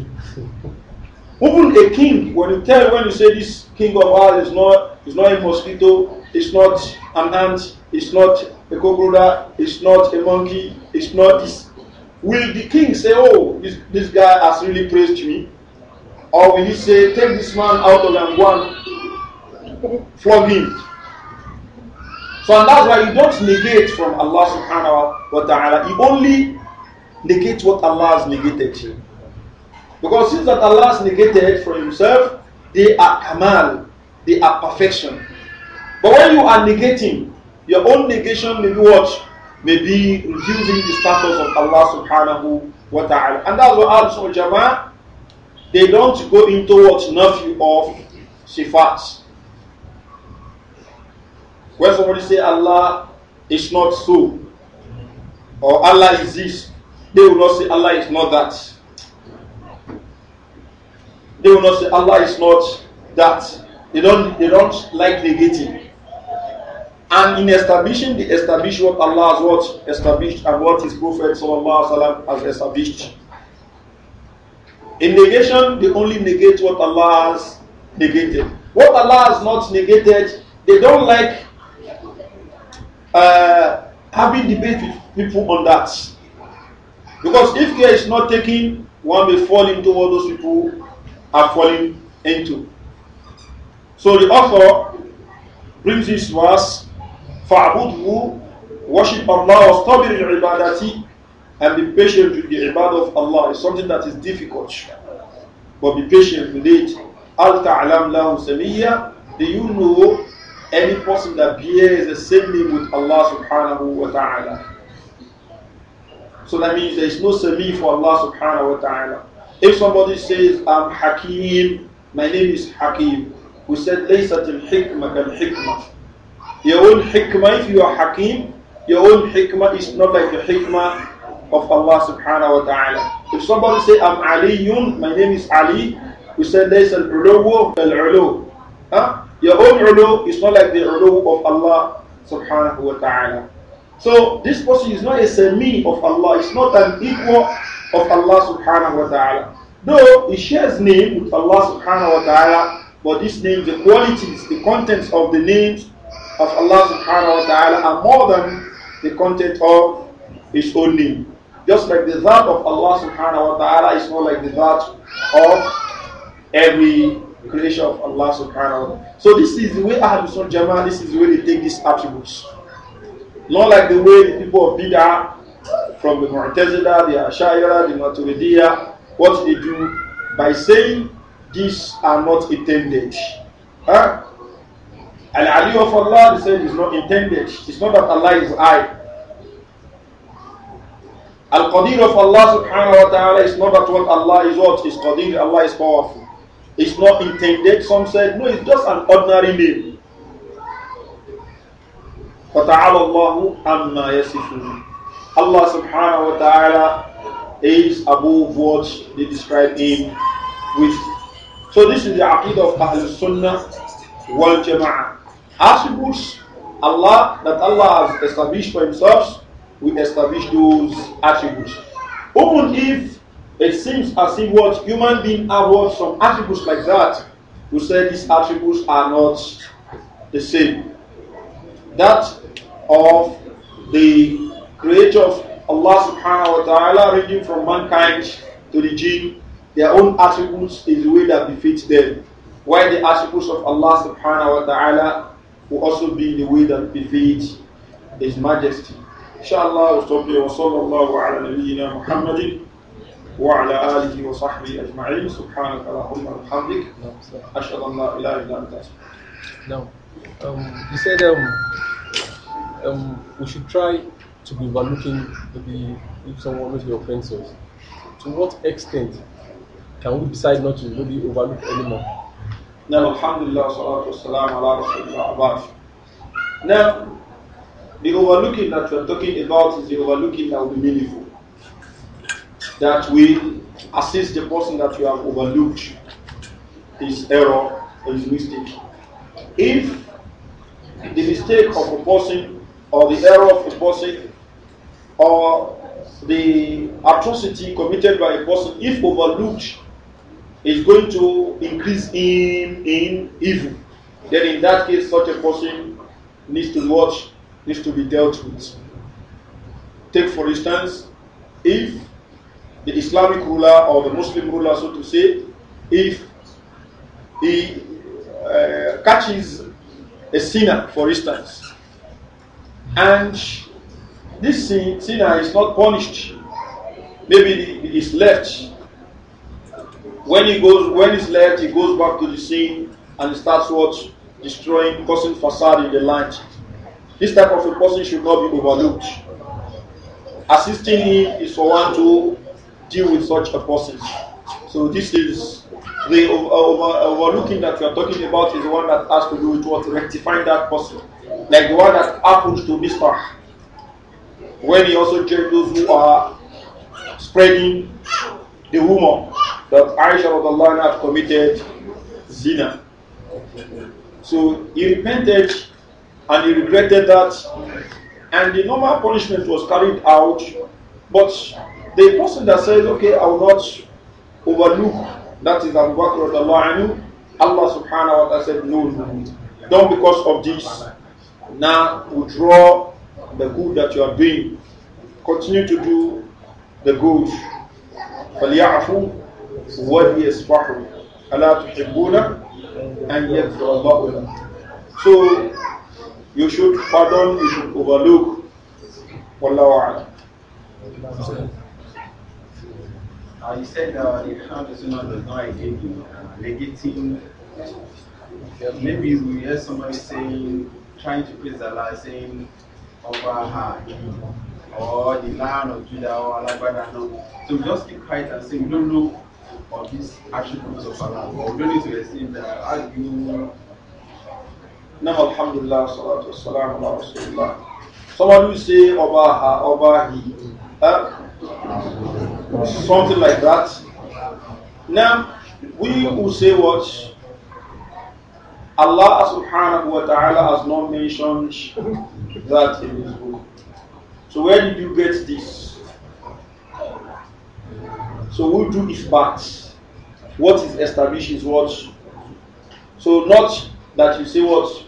(laughs) Even a king, when you tell when you say this king of all is not is not a mosquito, it's not an ant, it's not a cobra, it's not a monkey, it's not this. Will the king say, Oh, this, this guy has really praised me? Or will you say, take this man out of them one, flog him? So and that's why you don't negate from Allah subhanahu wa ta'ala. You only negate what Allah has negated. Because since that Allah has negated for himself, they are kamal, they are perfection. But when you are negating, your own negation may be what? May be reducing the status of Allah subhanahu wa ta'ala. And that's why Al Sunnah They don't go into what nephew of shifat. When somebody say Allah is not so, or Allah is this, they will not say Allah is not that. They will not say Allah is not that. They don't they don't like negating. And in establishing the establishment what Allah has what established and what His Prophet sallam, has established. In negation, they only negate what Allah has negated. What Allah has not negated, they don't like uh, having debate with people on that. Because if care is not taken, one may fall into what those people are falling into. So the author brings this verse, فَعْبُدْهُ Worship Allah, وَاسْتَبِرِ الْعِبَادَةِ and be patient with the ibadah of Allah is something that is difficult. But be patient with it. Al ta'alam lahu samiyya. Do you know any person that bears the same name with Allah subhanahu wa ta'ala? So that means there is no sami for Allah subhanahu wa ta'ala. If somebody says, I'm Hakim, my name is Hakim, we said, لَيْسَتِ الْحِكْمَةَ كَالْحِكْمَةِ Your own hikmah, if you are Hakim, your own hikmah is not like the hikmah of Allah subhanahu wa ta'ala. If somebody say, I'm Aliyun, my name is Ali, we say there's an uluwu, al ulu. Huh? Your own ulu is not like the ulu of Allah subhanahu wa ta'ala. So this person is not a semi of Allah, it's not an equal of Allah subhanahu wa ta'ala. Though he shares name with Allah subhanahu wa ta'ala, but this name, the qualities, the contents of the names of Allah subhanahu wa ta'ala are more than the content of his own name. Just like the that of Allah subhanahu wa ta'ala is not like the that of every creation of Allah subhanahu wa ta'ala. So this is the way Ahlus Sunnah Jama'ah, this is the way they take these attributes. Not like the way the people of Bid'ah from the Mu'tazila, the Ash'ira, the Maturidiyah, what they do by saying these are not intended. Huh? Al-Ali of Allah, they say, is not intended. It's not that Allah is high. Al Qadir of Allah subhanahu wa ta'ala is not that what Allah is what is Qadir, Allah is powerful. It's not intended, some said, no, it's just an ordinary name. But Allah subhanahu wa ta'ala is above what they describe him with. So this is the aqidah of Ahl Sunnah wal Jama'ah. Attributes Allah that Allah has established for himself we establish those attributes. Even if it seems as if what human beings have what some attributes like that, we say these attributes are not the same. That of the creator of Allah subhanahu wa ta'ala ranging from mankind to the jinn, their own attributes is the way that befits them. While the attributes of Allah subhanahu wa ta'ala will also be the way that befits His Majesty. Inshallah, we'll وصلى الله على نبينا محمد وعلى آله وصحبه أجمعين سبحانك اللهم وبحمدك أشهد أن لا إله إلا أنت Now, um, he said um, um, we should try to be overlooking maybe if someone maybe offends us. To what extent can we decide not to maybe overlook anymore? Now, alhamdulillah, salatu wassalam, ala rasulullah, Now, the overlooking that we are talking about is the overlooking that will be meaningful, that will assist the person that you have overlooked his error or his mistake. If the mistake of a person or the error of a person or the atrocity committed by a person, if overlooked, is going to increase him in evil, then in that case, such a person needs to watch needs to be dealt with. Take, for instance, if the Islamic ruler or the Muslim ruler, so to say, if he uh, catches a sinner, for instance, and this sin, sinner is not punished, maybe he is left. When he goes, when he's left, he goes back to the sin and starts what destroying, causing facade in the land. This type of a person should not be overlooked. Assisting him is for one to deal with such a person. So this is the over, overlooking that we are talking about is the one that has to do with what rectifying that person, like the one that happened to Mister, when he also checked those who are spreading the rumor that Aisha of Allah had committed zina. So he repented and he regretted that. And the normal punishment was carried out, but the person that says, okay, I will not overlook, that is Abu Bakr Allah subhanahu wa ta'ala said, no, no, don't because of this. Now withdraw the good that you are doing. Continue to do the good. فَلْيَعْفُوا وَلْيَسْفَحُوا أَلَا تُحِبُّونَ أَنْ يَغْفِرَ اللَّهُ لَكُمْ So you should pardon, you should overlook. Wallahu a'lam. Uh, you said uh, the Quran does not engage in uh, negating. Uh, maybe we hear somebody saying, trying to praise Allah, saying, over her, or the land of Judah, or Alabada. No. So we just keep quiet and say, we don't know of these attributes of Allah, but we don't need to assume that. How do you Now, alhamdulillah, salatu wassalam, ala rasulullah. Someone will say, Obaha, Obahi, uh, something like that. Now, we who say what Allah subhanahu wa ta'ala has not mentioned that in His book. So, where did you get this? So, who do is bad. What is established is what. So, not that you say what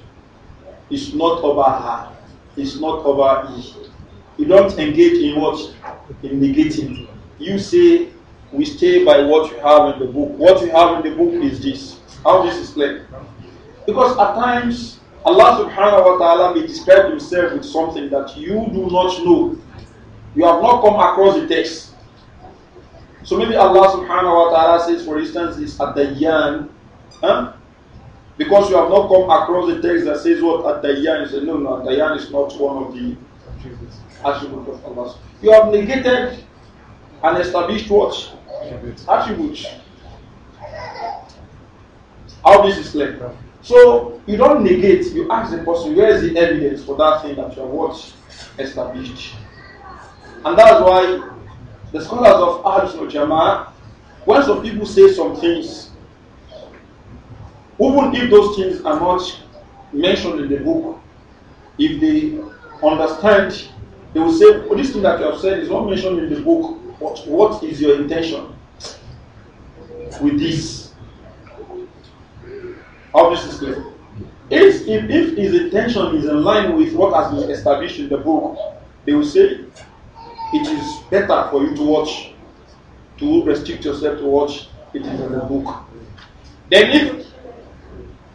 it's not over her. It's not over he. You don't engage in what? In negating. You say, we stay by what you have in the book. What you have in the book is this. How this is played. Because at times, Allah subhanahu wa ta'ala may describe himself with something that you do not know. You have not come across the text. So maybe Allah subhanahu wa ta'ala says, for instance, is at the yan. Huh? Because you have not come across the text that says what ad is. No, no, is not one of the attributes of Allah. You have negated and established what? Attributes. How this is clear. So you don't negate, you ask the person, where is the evidence for that thing that you have what? Established. And that's why the scholars of Ahlus Jama'ah, when some people say some things, even if those things are not mentioned in the book, if they understand, they will say, oh, this thing that you have said is not mentioned in the book. But what is your intention with this? How this is clear? If, if, if his intention is in line with what has been established in the book, they will say, it is better for you to watch, to restrict yourself to watch it in the book. Then if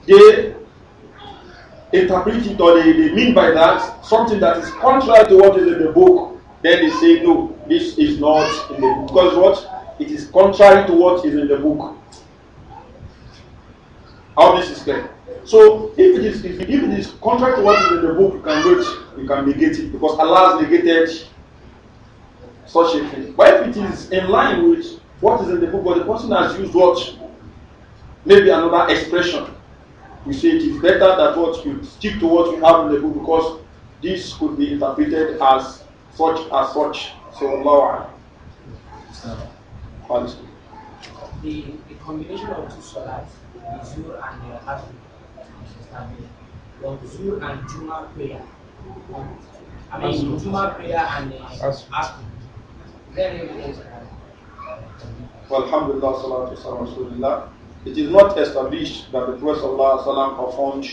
they interpret it or they, they mean by that something that is contrary to what is in the book, then they say, no, this is not in the book. Because what? It is contrary to what is in the book. How this is clear. So if it is if, if it is contrary to what is in the book, you can wait, you can negate it because Allah has negated such a thing. But if it is in line with what is in the book, but the person has used what? Maybe another expression we say it is better that what we stick to what we have in the book because this could be interpreted as such as such. So Allah. The, the combination of two salats, the Zur and the Asr, the Zur and Juma prayer. I mean, Juma prayer and the Asr. Very important. Well, alhamdulillah, salatu wa salam, rasulillah. It is not established that the Prophet ﷺ performed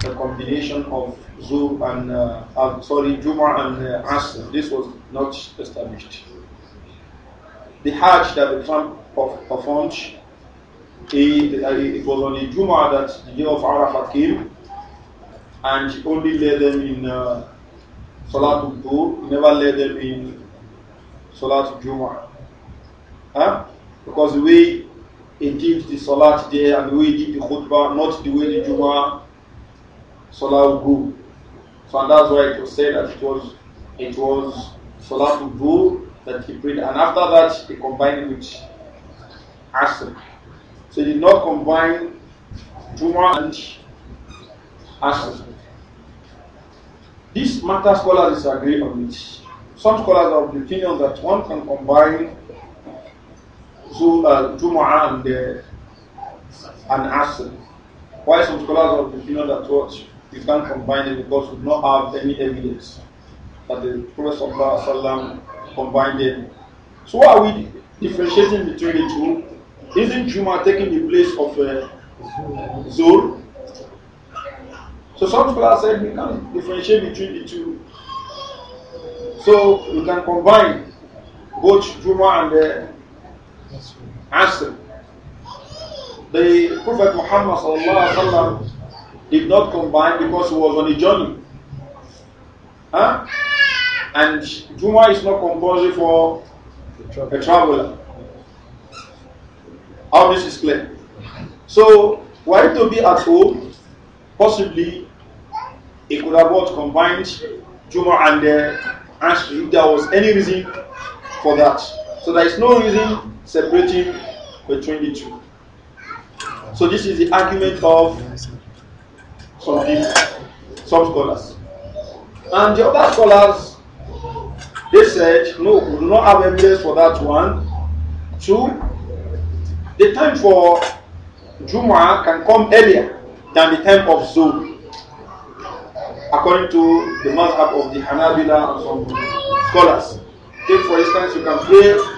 the combination of Zuhr and, uh, uh sorry, Jum'ah and uh, Asr. This was not established. The Hajj that the Prophet performed, he, uh, it was only Jum'ah that the day of Arafat came, and he only led them in uh, Salatul Dhuhr, never led them in Salatul Jum'ah. Huh? Because the way he the salat there and the way he did the khutbah, not the way the Juma salah would go. So that's why it was said that it was it was salat would that he prayed. And after that, he combined with Asr. So he did not combine Juma and Asr. This matter scholars disagree on it. Some scholars have of the opinion that one can combine uh, Jumu'ah and, uh, and Asr. Why some scholars of the opinion that what you can't combine it because we do not have any evidence that the Prophet ﷺ combined them. So what are we differentiating between the two? Isn't Juma taking the place of uh, Zul? So some scholars said we can differentiate between the two. So we can combine both Juma and uh, Asr. The Prophet Muhammad sallam, did not combine because he was on a journey. Huh? And Juma is not compulsory for a traveler. All this is clear. So, why to be at home, possibly he could have both combined Juma and uh, Ashri if there was any reason for that. So, there is no reason separating between the two. So this is the argument of some people, some scholars. And the other scholars, they said, no, we do not have evidence for that one. Two, the time for Jumu'ah can come earlier than the time of Zuhr, according to the mazhab of the Hanabila and some scholars. Take, for instance, you can pray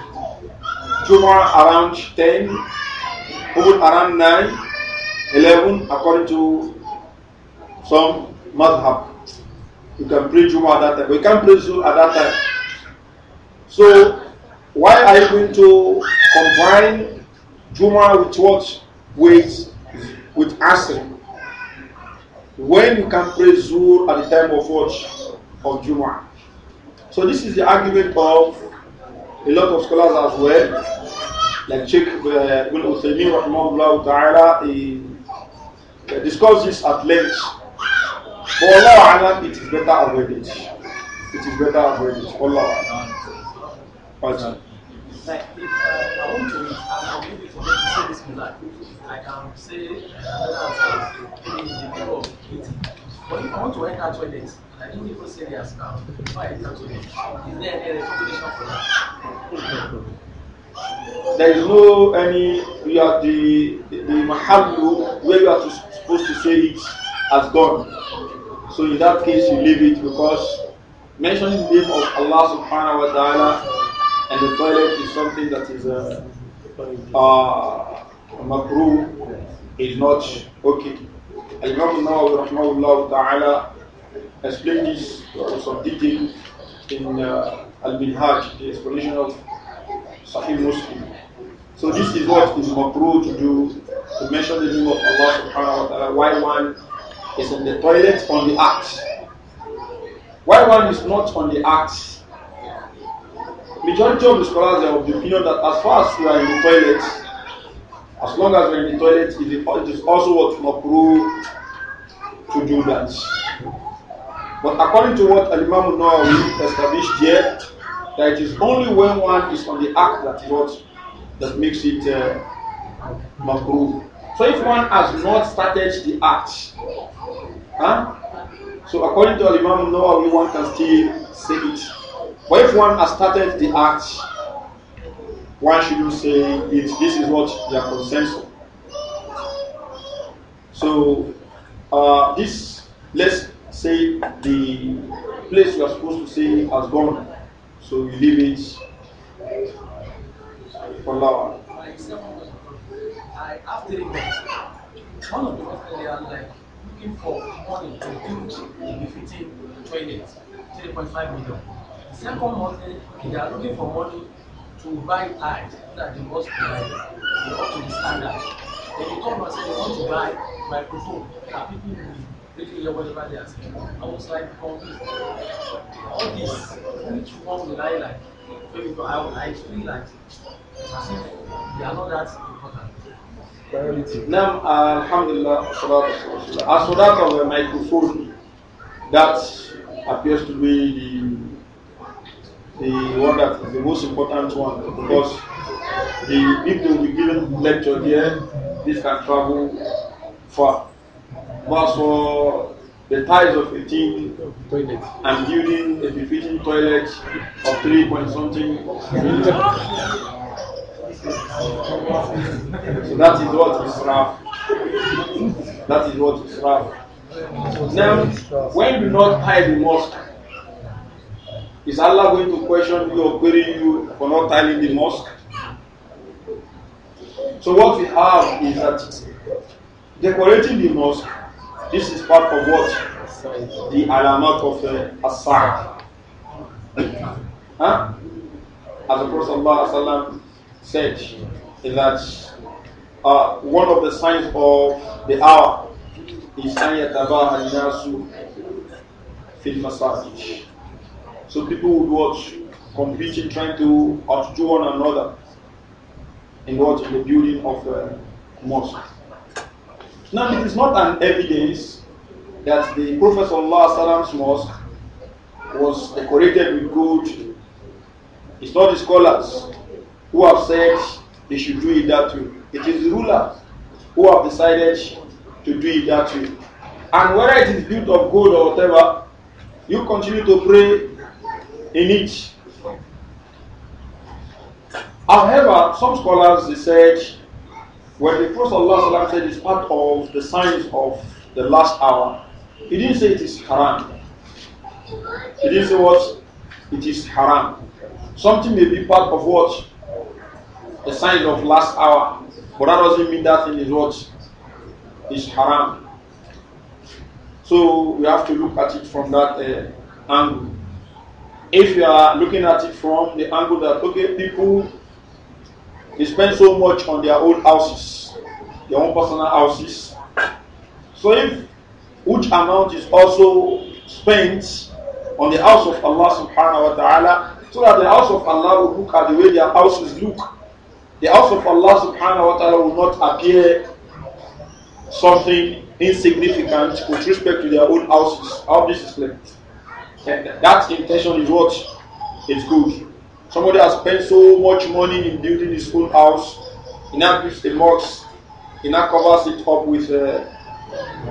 Jumu'ah around 10, Uhud around 9, 11, according to some madhab. You can pray Jumu'ah at that time. We can pray Zul at that time. So, why are you going to combine Jumu'ah with what? With, with Asr. When you can pray Zul at the time of watch Of Jumu'ah. So this is the argument of a lot of scholars as well, like Sheikh uh, Ibn Uthaymeen rahmahullah ta'ala, he uh, discussed this at length. For Allah, it is better avoided. It is better avoided. Allah. Pardon. Like if uh, I want to, I'm okay say this I can say, uh, But if I want to enter toilets, and I do not even say yes now, why enter toilets? Is there any recommendation for that? There is no any you are the the, the mahallu where you are to, supposed to say it has gone. So in that case you leave it because mentioning the name of Allah subhanahu wa ta'ala and the toilet is something that is a uh, uh, makruh is not okay. Imam Nawawi rahmahullah ta'ala explained this to some detail in uh, Al-Minhaj, the explanation of Sahih Muslim. So this is what is makruh to do, to mention the name of Allah subhanahu wa ta'ala, why one is in the toilet on the act. Why one is not on the act. Majority of the scholars are of the opinion that as far as you are in the toilet, as long as we're in the toilet, it is also what not approved to do that. But according to what Imam Nawawi established here, that it is only when one is on the act that what that makes it uh, makruh. So if one has not started the act, huh? so according to Imam Nawawi, one can still say it. But if one has started the act, why should you say it? This is what they are concerned for. So, uh, this, let's say the place you are supposed to say has gone. So you leave it for now. For example, I, after the event, one of the people they are like looking for money to build a befitting toilet, 3.5 million. The second month, they are looking for money to buy pies that they must be like they up to the standard then they come and say they want to buy microphone na people will make you hear whatever they are saying i was like confused all this which one will i like maybe i i feel like as if they are not that important. Priority. Now, uh, Alhamdulillah, as for that of the microphone, that appears to be the the one that is the most important one because the, if they will be given lecture here, this can travel far. But for the size of a team toilet. and building a befitting toilet of three point something so that is what is rough. That is what is rough. Now, when you not tie the mosque Is Allah going to question you or query you for not tiling the mosque? So what we have is that decorating the mosque, this is part of what? The alamat of the uh, Asar. huh? As the Prophet said, is that uh, one of the signs of the hour is أن يتباهى الناس في المساجد So people would watch, competing, trying to outdo one another in what in the building of the mosque. Now, it is not an evidence that the Prophet Prophet's mosque was decorated with gold. It's not the scholars who have said they should do it that way. It is the rulers who have decided to do it that way. And whether it is built of gold or whatever, you continue to pray in it. However, some scholars they said when the Prophet Allah said it's part of the signs of the last hour, he didn't say it is haram. He didn't say what? It is haram. Something may be part of what? The signs of last hour. But that doesn't mean that thing is what? Is haram. So we have to look at it from that uh, angle if you are looking at it from the angle that okay, people they spend so much on their own houses, their own personal houses. So if which amount is also spent on the house of Allah subhanahu wa ta'ala, so that the house of Allah will look at the way their houses look. The house of Allah subhanahu wa ta'ala will not appear something insignificant with respect to their own houses. How this is that intention is what is good. Somebody has spent so much money in building his own house, he now builds a mosque, he now covers it up with, uh,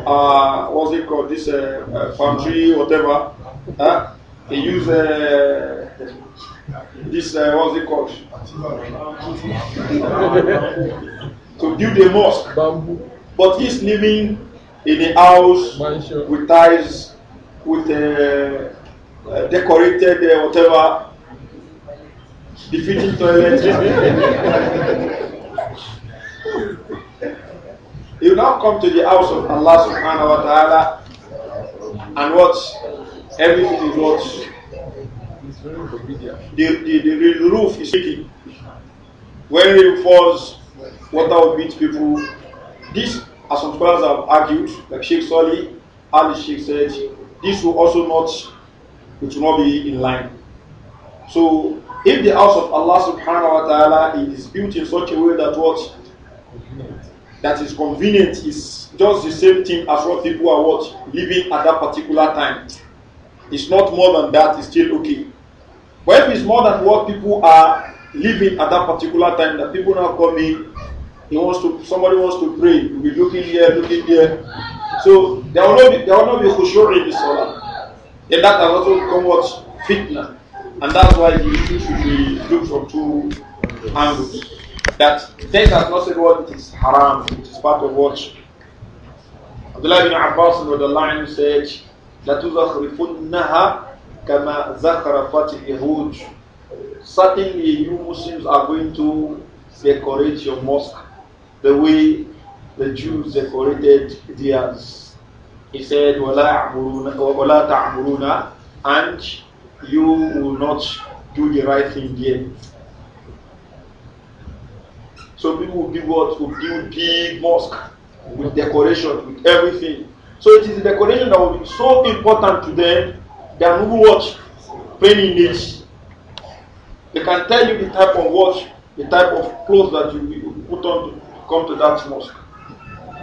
uh, what's it called, this uh, palm uh, tree, whatever. Huh? He uses uh, this, uh, what's it called, (laughs) to build a mosque. Bamboo. But he's living in a house Mansion. with ties, with a uh, decorated uh, whatever, defeating toilet. (laughs) you now come to the house of Allah subhanahu wa ta'ala and watch Everything is what? The, the, the roof is leaking. When rain falls, water will beat people. This, as some scholars have argued, like Sheikh Soli, Ali Sheikh said, this will also not it will not be in line. So if the house of Allah subhanahu wa ta'ala is built in such a way that what that is convenient is just the same thing as what people are what living at that particular time. It's not more than that, it's still okay. But if it's more than what people are living at that particular time, that people now coming, he wants to somebody wants to pray, we will be looking here, looking there. So there will not be there will not be khushur in the salah. Yet that has also become what? Fitna. And that's why the issue should be looked from two angles. That text has not said what it is haram, it is part of what. Abdullah ibn Abbas with the line said, لَتُزَخْرِفُنَّهَا كَمَا زَخْرَفَتِ الْيَهُودِ Certainly you Muslims are going to decorate your mosque the way the Jews decorated theirs. He said, "Wala تَعْمُرُونَ And you will not do the right thing there. So people will build what? Will build big mosque with decoration, with everything. So it is the decoration that will be so important to them that will watch praying in it. They can tell you the type of watch, the type of clothes that you will put on to come to that mosque.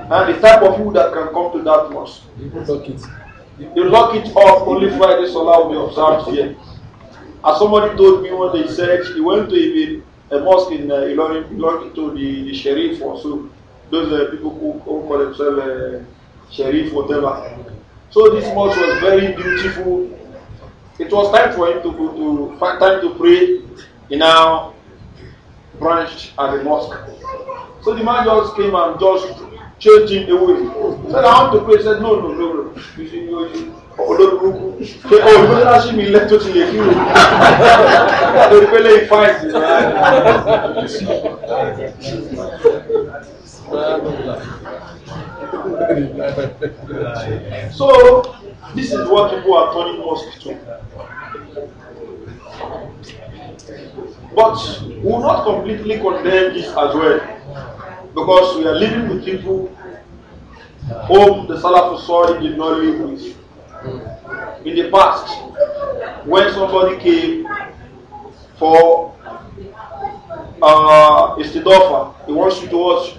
And the type of food that can come to that mosque. They lock it off only Friday Salah will be observed here. As somebody told me one day, he said he went to a, a mosque in uh, Ilorin, belonging to the, the sheriff or so. Those uh, people who, who call themselves uh, sheriff, whatever. So this mosque was very beautiful. It was time for him to go to time to pray. He now branched at the mosque. So the man just came and just changing the way so na one to pray say no no no no you see you you olórúkú ṣe ọ ìmọ̀láṣí mi lẹ́ tó ti lè kí o lórí pé lẹ́yìn fáìsì so this is what people are turning mosque to but we will not completely condemn this as well Because we are living with people whom the Salafu Sali did not live with. In the past, when somebody came for uh, Istidofa, he wants you to watch,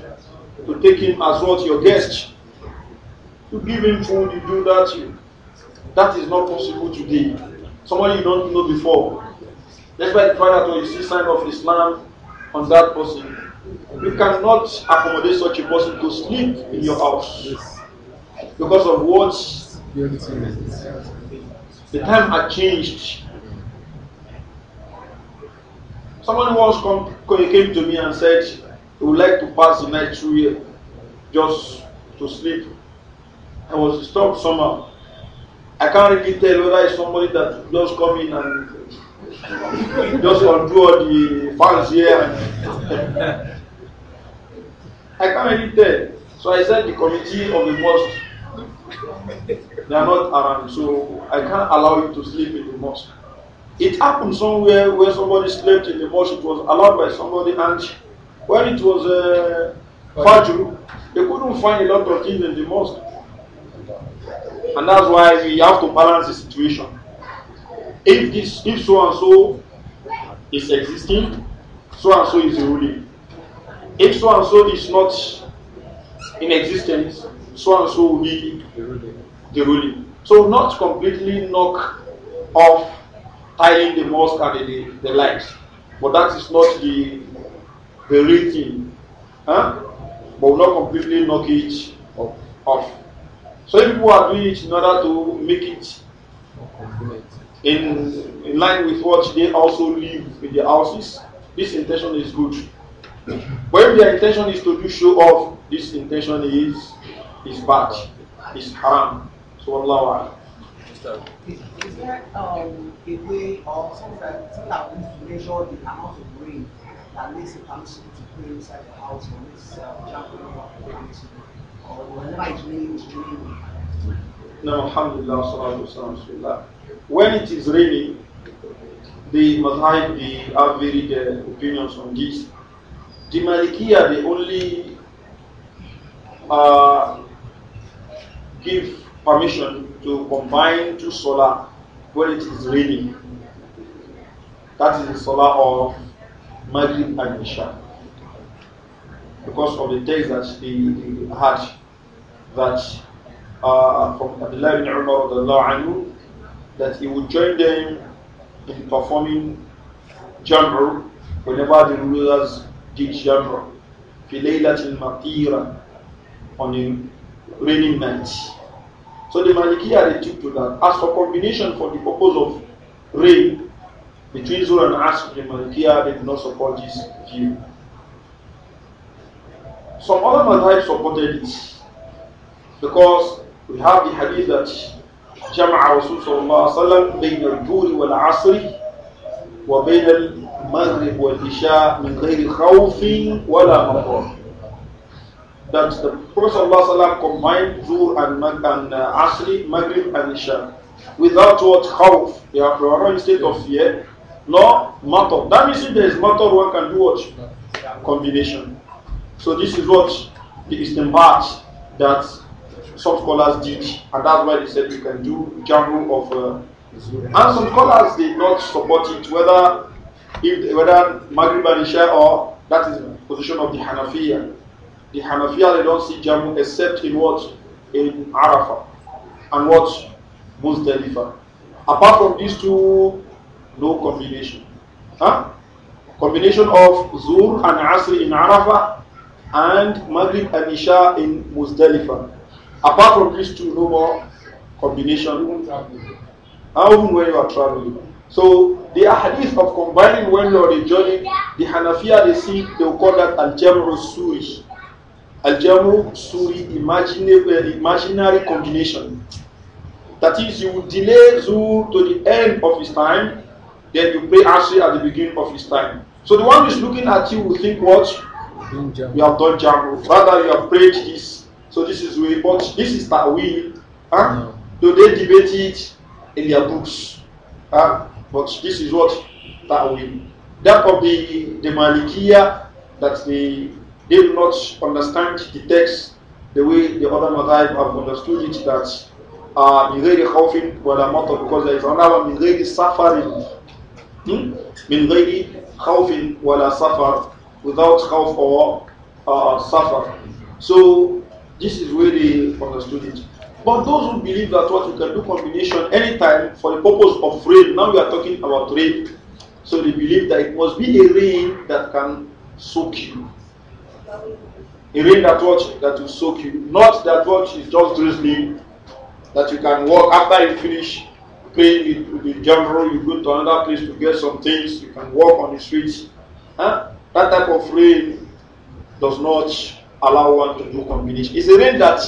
to take him as what your guest. to give him food, you do that. You, that is not possible today. Somebody you don't know before. That's why the father to you see sign of Islam on that person. You cannot accommodate such a person to sleep in your house because of what the time had changed. Someone once come, came to me and said he would like to pass the night through here just to sleep. I was disturbed somehow. I can't really tell whether it's somebody that just come in and just undo all the fans here. I can't really tell. So I said the committee of the mosque, they are not around, so I can't allow you to sleep in the mosque. It happened somewhere where somebody slept in the mosque. It was allowed by somebody, and when it was uh, Fajr, they couldn't find a lot of things in the mosque. And that's why we have to balance the situation if this if so and so is existing, so and so is ruling. If so and so is not in existence, so and so will be the ruling. So not completely knock off tiling the mosque and the, the, the But that is not the the real thing. Huh? But not completely knock it off. So if people are doing it in order to make it in, in line with what they also live in their houses, this intention is good. But if their intention is to do show off, this intention is is bad, is haram. So Allah. Is, is there um, a way or something that we measure the amount of rain that makes a permissible to pray inside the house or makes uh, jumping or whenever it's raining, it's No, alhamdulillah, sallallahu alaihi wasallam when it is raining, the Mazhab, have varied uh, opinions on this. The Malikiya, they only uh, give permission to combine two solar when it is raining. That is the solar of Maghrib and Isha. Because of the days that they, had, that uh, from Abdullah ibn Umar that he would join them in performing jamr whenever the rulers did jamr. Filaylatil Matira on a raining night. So the Malikiya they took to that. As for combination for the purpose of rain between Zul and Asr, the Malikiya they did not support this view. Some other Madhab supported it because we have the hadith that جمع رسول صلى الله عليه وسلم بين الجور والعصر وبين المغرب والعشاء من غير خوف ولا مضر that the Prophet ﷺ combined Zuhr and, Mag- and عصر مغرب and عشاء without what خوف. they are in in state of fear, no matter. That means if there is matter, one can do what? Combination. So this is what the istimbat that some scholars did, and that's why they said you can do jamu of. Uh, and some scholars did not support it, whether if whether Maghrib and Isha or that is the position of the Hanafiya. The Hanafiya they don't see jamu except in what in Arafah and what Muzdalifah. Apart from these two, no combination. Huh? Combination of Zur and Asr in Arafah and Maghrib and Isha in Muzdalifah. Apart from these two, no more combination. Even when you are traveling. So the hadith of combining when you are in journey, the Hanafiya they see they will call that al jamru suri, al jamru suri imaginary, uh, imaginary combination. That is, you delay Zuhr to the end of his time, then you pray Asri at the beginning of his time. So the one who is looking at you will think what? You have done Jamru. Rather, you have prayed this So this is way, but this is that we, huh? So they debate it in their books, huh? But this is what that we. That of the the Malikiya that they they do not understand the text the way the other Madhaib have understood it that uh, من غير خوف ولا مطر because there is another من غير سفر من غير خوف ولا سفر without خوف or uh, suffer. So this is where they understood it. But those who believe that what you can do combination anytime for the purpose of rain, now we are talking about rain. So they believe that it must be a rain that can soak you. A rain that what that will soak you. Not that what is just drizzling that you can walk after you finish praying in the general, you go to another place to get some things, you can walk on the streets. Huh? That type of rain does not allow one to do combination. It's a rain that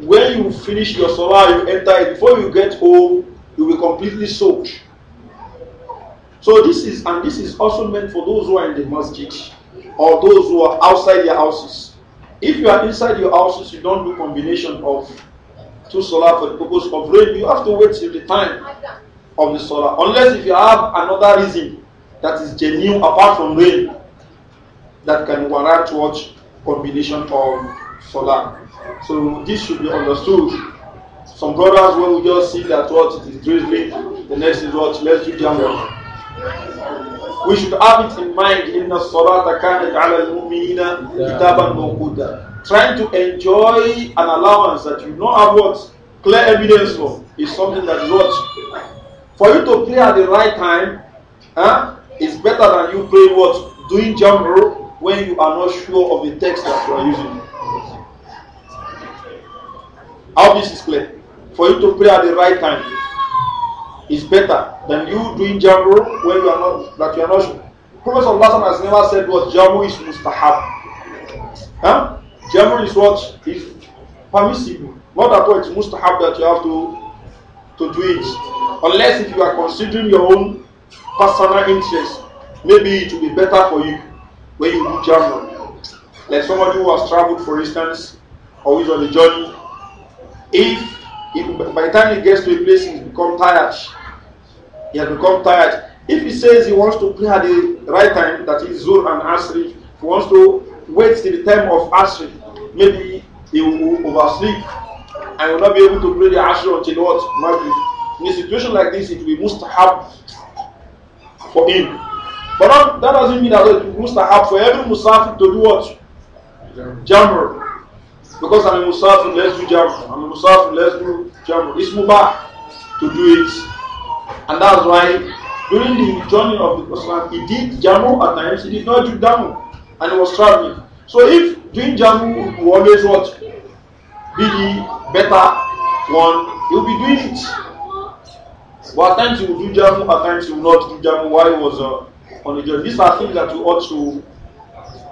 when you finish your solar, you enter it, before you get home, you'll completely soaked. So this is, and this is also meant for those who are in the masjid or those who are outside their houses. If you are inside your houses, you don't do combination of two solar for the purpose of rain. You have to wait till the time of the solar, unless if you have another reason that is genuine apart from rain that can warrant watch. combination of solar. So this should be understood. Some brothers will just see that what it is drizzling, the next is what let's do jamal. We should have it in mind in the Surah al على المؤمنين كتابا موقوتا. Trying to enjoy an allowance that you know have what clear evidence for is something that is what for you to pray at the right time huh, it's better than you pray what doing jamru when you are not sure of the text that you are using. How this is clear? For you to pray at the right time is better than you doing jamu when you are not that you are not sure. Prophet of Allah has never said what jamu is mustahab. Huh? Jamu is what is permissible. Not at all it's mustahab that you have to to do it. Unless if you are considering your own personal interest, maybe it will be better for you. when you do travel, like somebody who has traveled, for instance, or is on a journey, if, if by the time he gets to a place, he's become tired, he has become tired. If he says he wants to pray at the right time, that is Zur and Asri, he wants to wait till the time of Asri, maybe he will oversleep and will not be able to pray the Asri until what? Maghrib. In a situation like this, it will be mustahab for him But that, that doesn't mean that it's mustahab for every musafir to do what? Jamr. Because I'm a musafir, let's do jamr. I'm a musafir, let's do jamr. It's mubah to do it. And that's why during the journey of the Prophet, he did jamr at times, he did not do jamr. And he was traveling. So if doing jamr will always what? Be the better one, he'll be doing it. But at times he will do jamr, at times he will not do jamr. Why was uh, on the journey. These are things that you ought to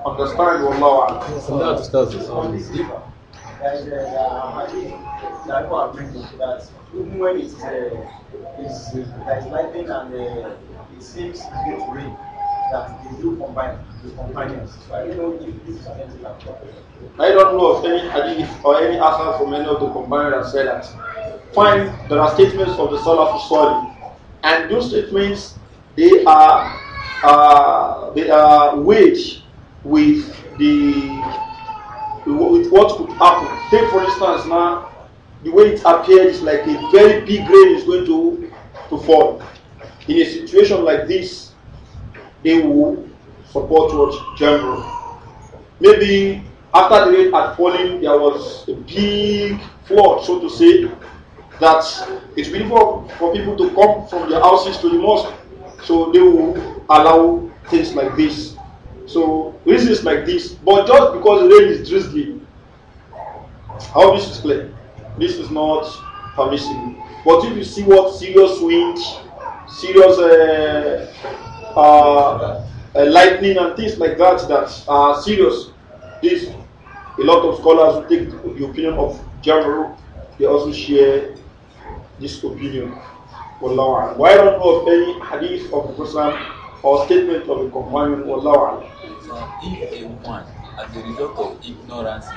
understand. Wallahu and uh, that even when it's, uh, it's uh, lightning and uh, it seems be rain, that they do combine the companions. So I don't know if this is an I don't know of any hadith or any asar from any of the companions that say that. Fine, there are statements of the Salaf Sali, and those statements they are uh, they uh, are with the with what could happen. Take for instance now the way it appears like a very big rain is going to to fall. In a situation like this, they will support what general. Maybe after the rain had fallen, there was a big flood, so to say, that it's been for, for people to come from their houses to the mosque. So they will allow things like this. So reasons like this, but just because rain is drizzly, how this is clear. This is not permissible. But if you see what serious wind, serious uh, uh, uh, lightning and things like that that are serious, this a lot of scholars take the, opinion of general. they also share this opinion. Why don't we have any hadith of the Prophet or statement of a companion Wallahu alam. If a woman, as a result of ignorance,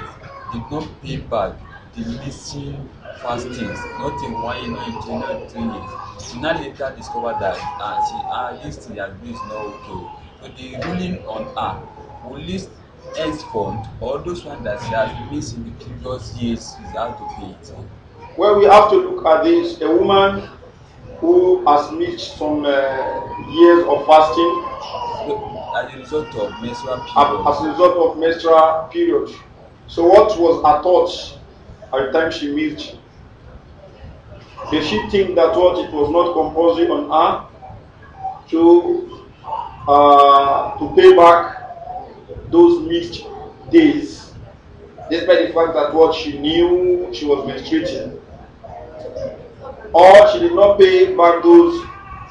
did not pay back the missing fastings, not in one year, not in two, not three years, she now later discover that uh, she ah uh, this thing her do is okay. So the ruling on her will list henceforth all those ones that she has missed in the previous years, she has to pay it. Well, we have to look at this. A woman who has missed some uh, years of fasting as a result of menstrual period. As a result of menstrual period. So what was her thought at the time she missed? Did she think that what it was not compulsory on her to uh, to pay back those missed days, despite the fact that what she knew she was menstruating? or she did not pay back those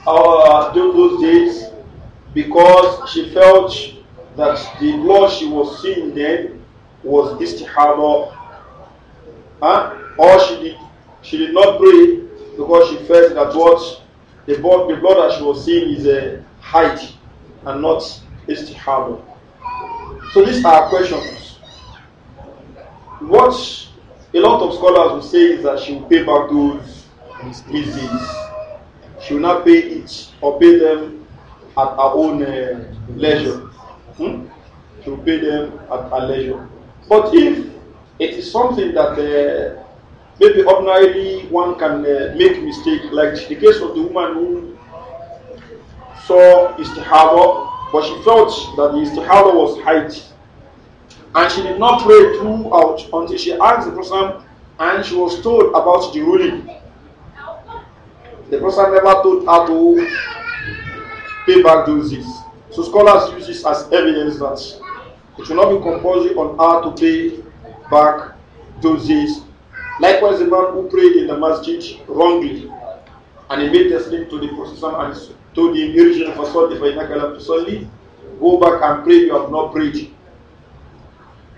uh, those days because she felt that the blood she was seeing then was istihaba. Huh? Or she did she did not pray because she felt that what the blood, the blood that she was seeing is a height and not istihaba. So these are questions. What a lot of scholars will say is that she will pay back those these deeds. She will not pay it or pay them at her own uh, leisure. Hmm? She will pay them at her leisure. But if it is something that uh, maybe ordinarily one can uh, make mistake, like the case of the woman who saw istihada, but she felt that the istihada was height. And she did not pray throughout until she asked the person and she was told about the ruling. The Prophet never told how to pay back dues. So scholars use this as evidence that it should not be compulsory on how to pay back dues. Likewise, the man who prayed in the masjid wrongly and he made a slip to the procession and told him, Irjin Fasol, if I go back and pray, you have not prayed.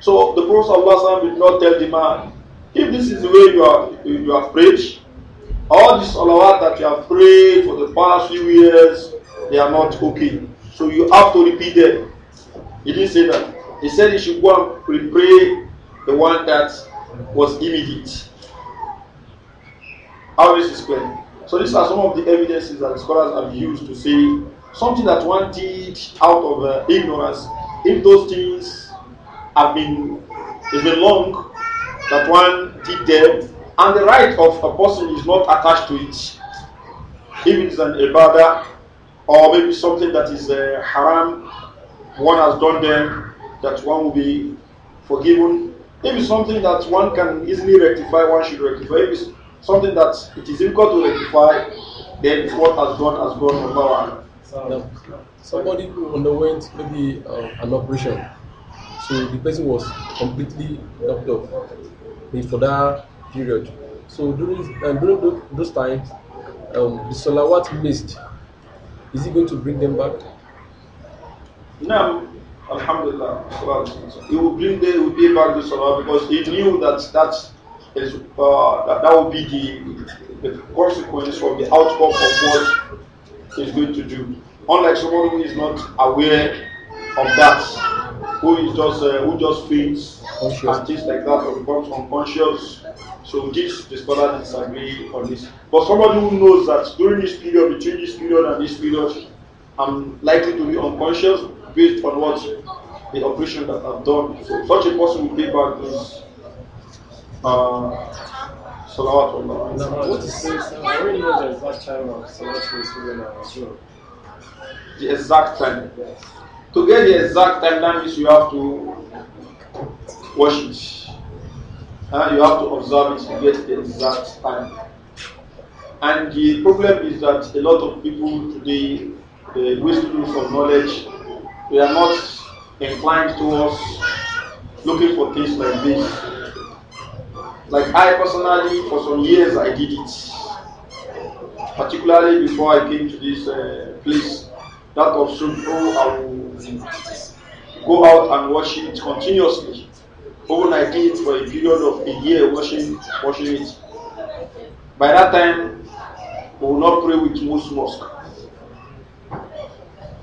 So the Prophet did not tell the man, if this is the way you, are, you have prayed, all this salawat that you have prayed for the past few years, they are not okay. So you have to repeat them. He didn't say that. He said you should go and pray the one that was immediate. How is this is clear. So these are some of the evidences that scholars have used to say something that one did out of uh, ignorance. If those things have been, it's been long that one did them, and the right of a person is not attached to it. If it is an ibadah or maybe something that is a uh, haram, one has done them, that one will be forgiven. If it's something that one can easily rectify, one should rectify. If it's something that it is difficult to rectify, then what has gone has gone over. Now, somebody who underwent maybe uh, an operation, so the person was completely knocked off. for that period. So during and during those, times, um, the salawat missed. Is it going to bring them back? No, Alhamdulillah. He will bring them, he will pay back the salawat because he knew that that's is, uh, that, that will be the, the consequence of the outcome of what he's going to do. Unlike someone who is not aware of that, who is just uh, who just feels Conscious. and things like that or becomes unconscious. So this the scholar disagree on this. But somebody who knows that during this period, between this period and this period, I'm likely to be unconscious based on what the operation that I've done. So such a person will pay back this uh, Salawat what is this? I already know the exact time of Salawat The exact time. Yes. To get the exact time, that means you have to wash it. Uh, you have to observe it to get the exact time. And the problem is that a lot of people today, the good of knowledge, they are not inclined towards looking for things like this. Like I personally, for some years, I did it. Particularly before I came to this uh, place, that of Sumpo, I would go out and watch it continuously. overnight it for a period of a year, washing, washing it. By that time, we will not pray with most mosque.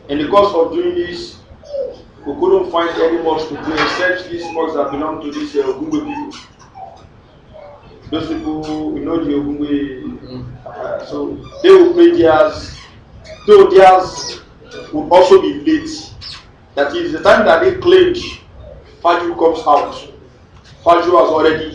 In the course of doing this, we couldn't find any mosque to pray except these mosques that belong to these uh, Ogungwe people. Those people, we know, the Ogungwe, uh, so they will pray theirs, though theirs would also be late. That is the time that they claimed Fajr comes out. Fajr has already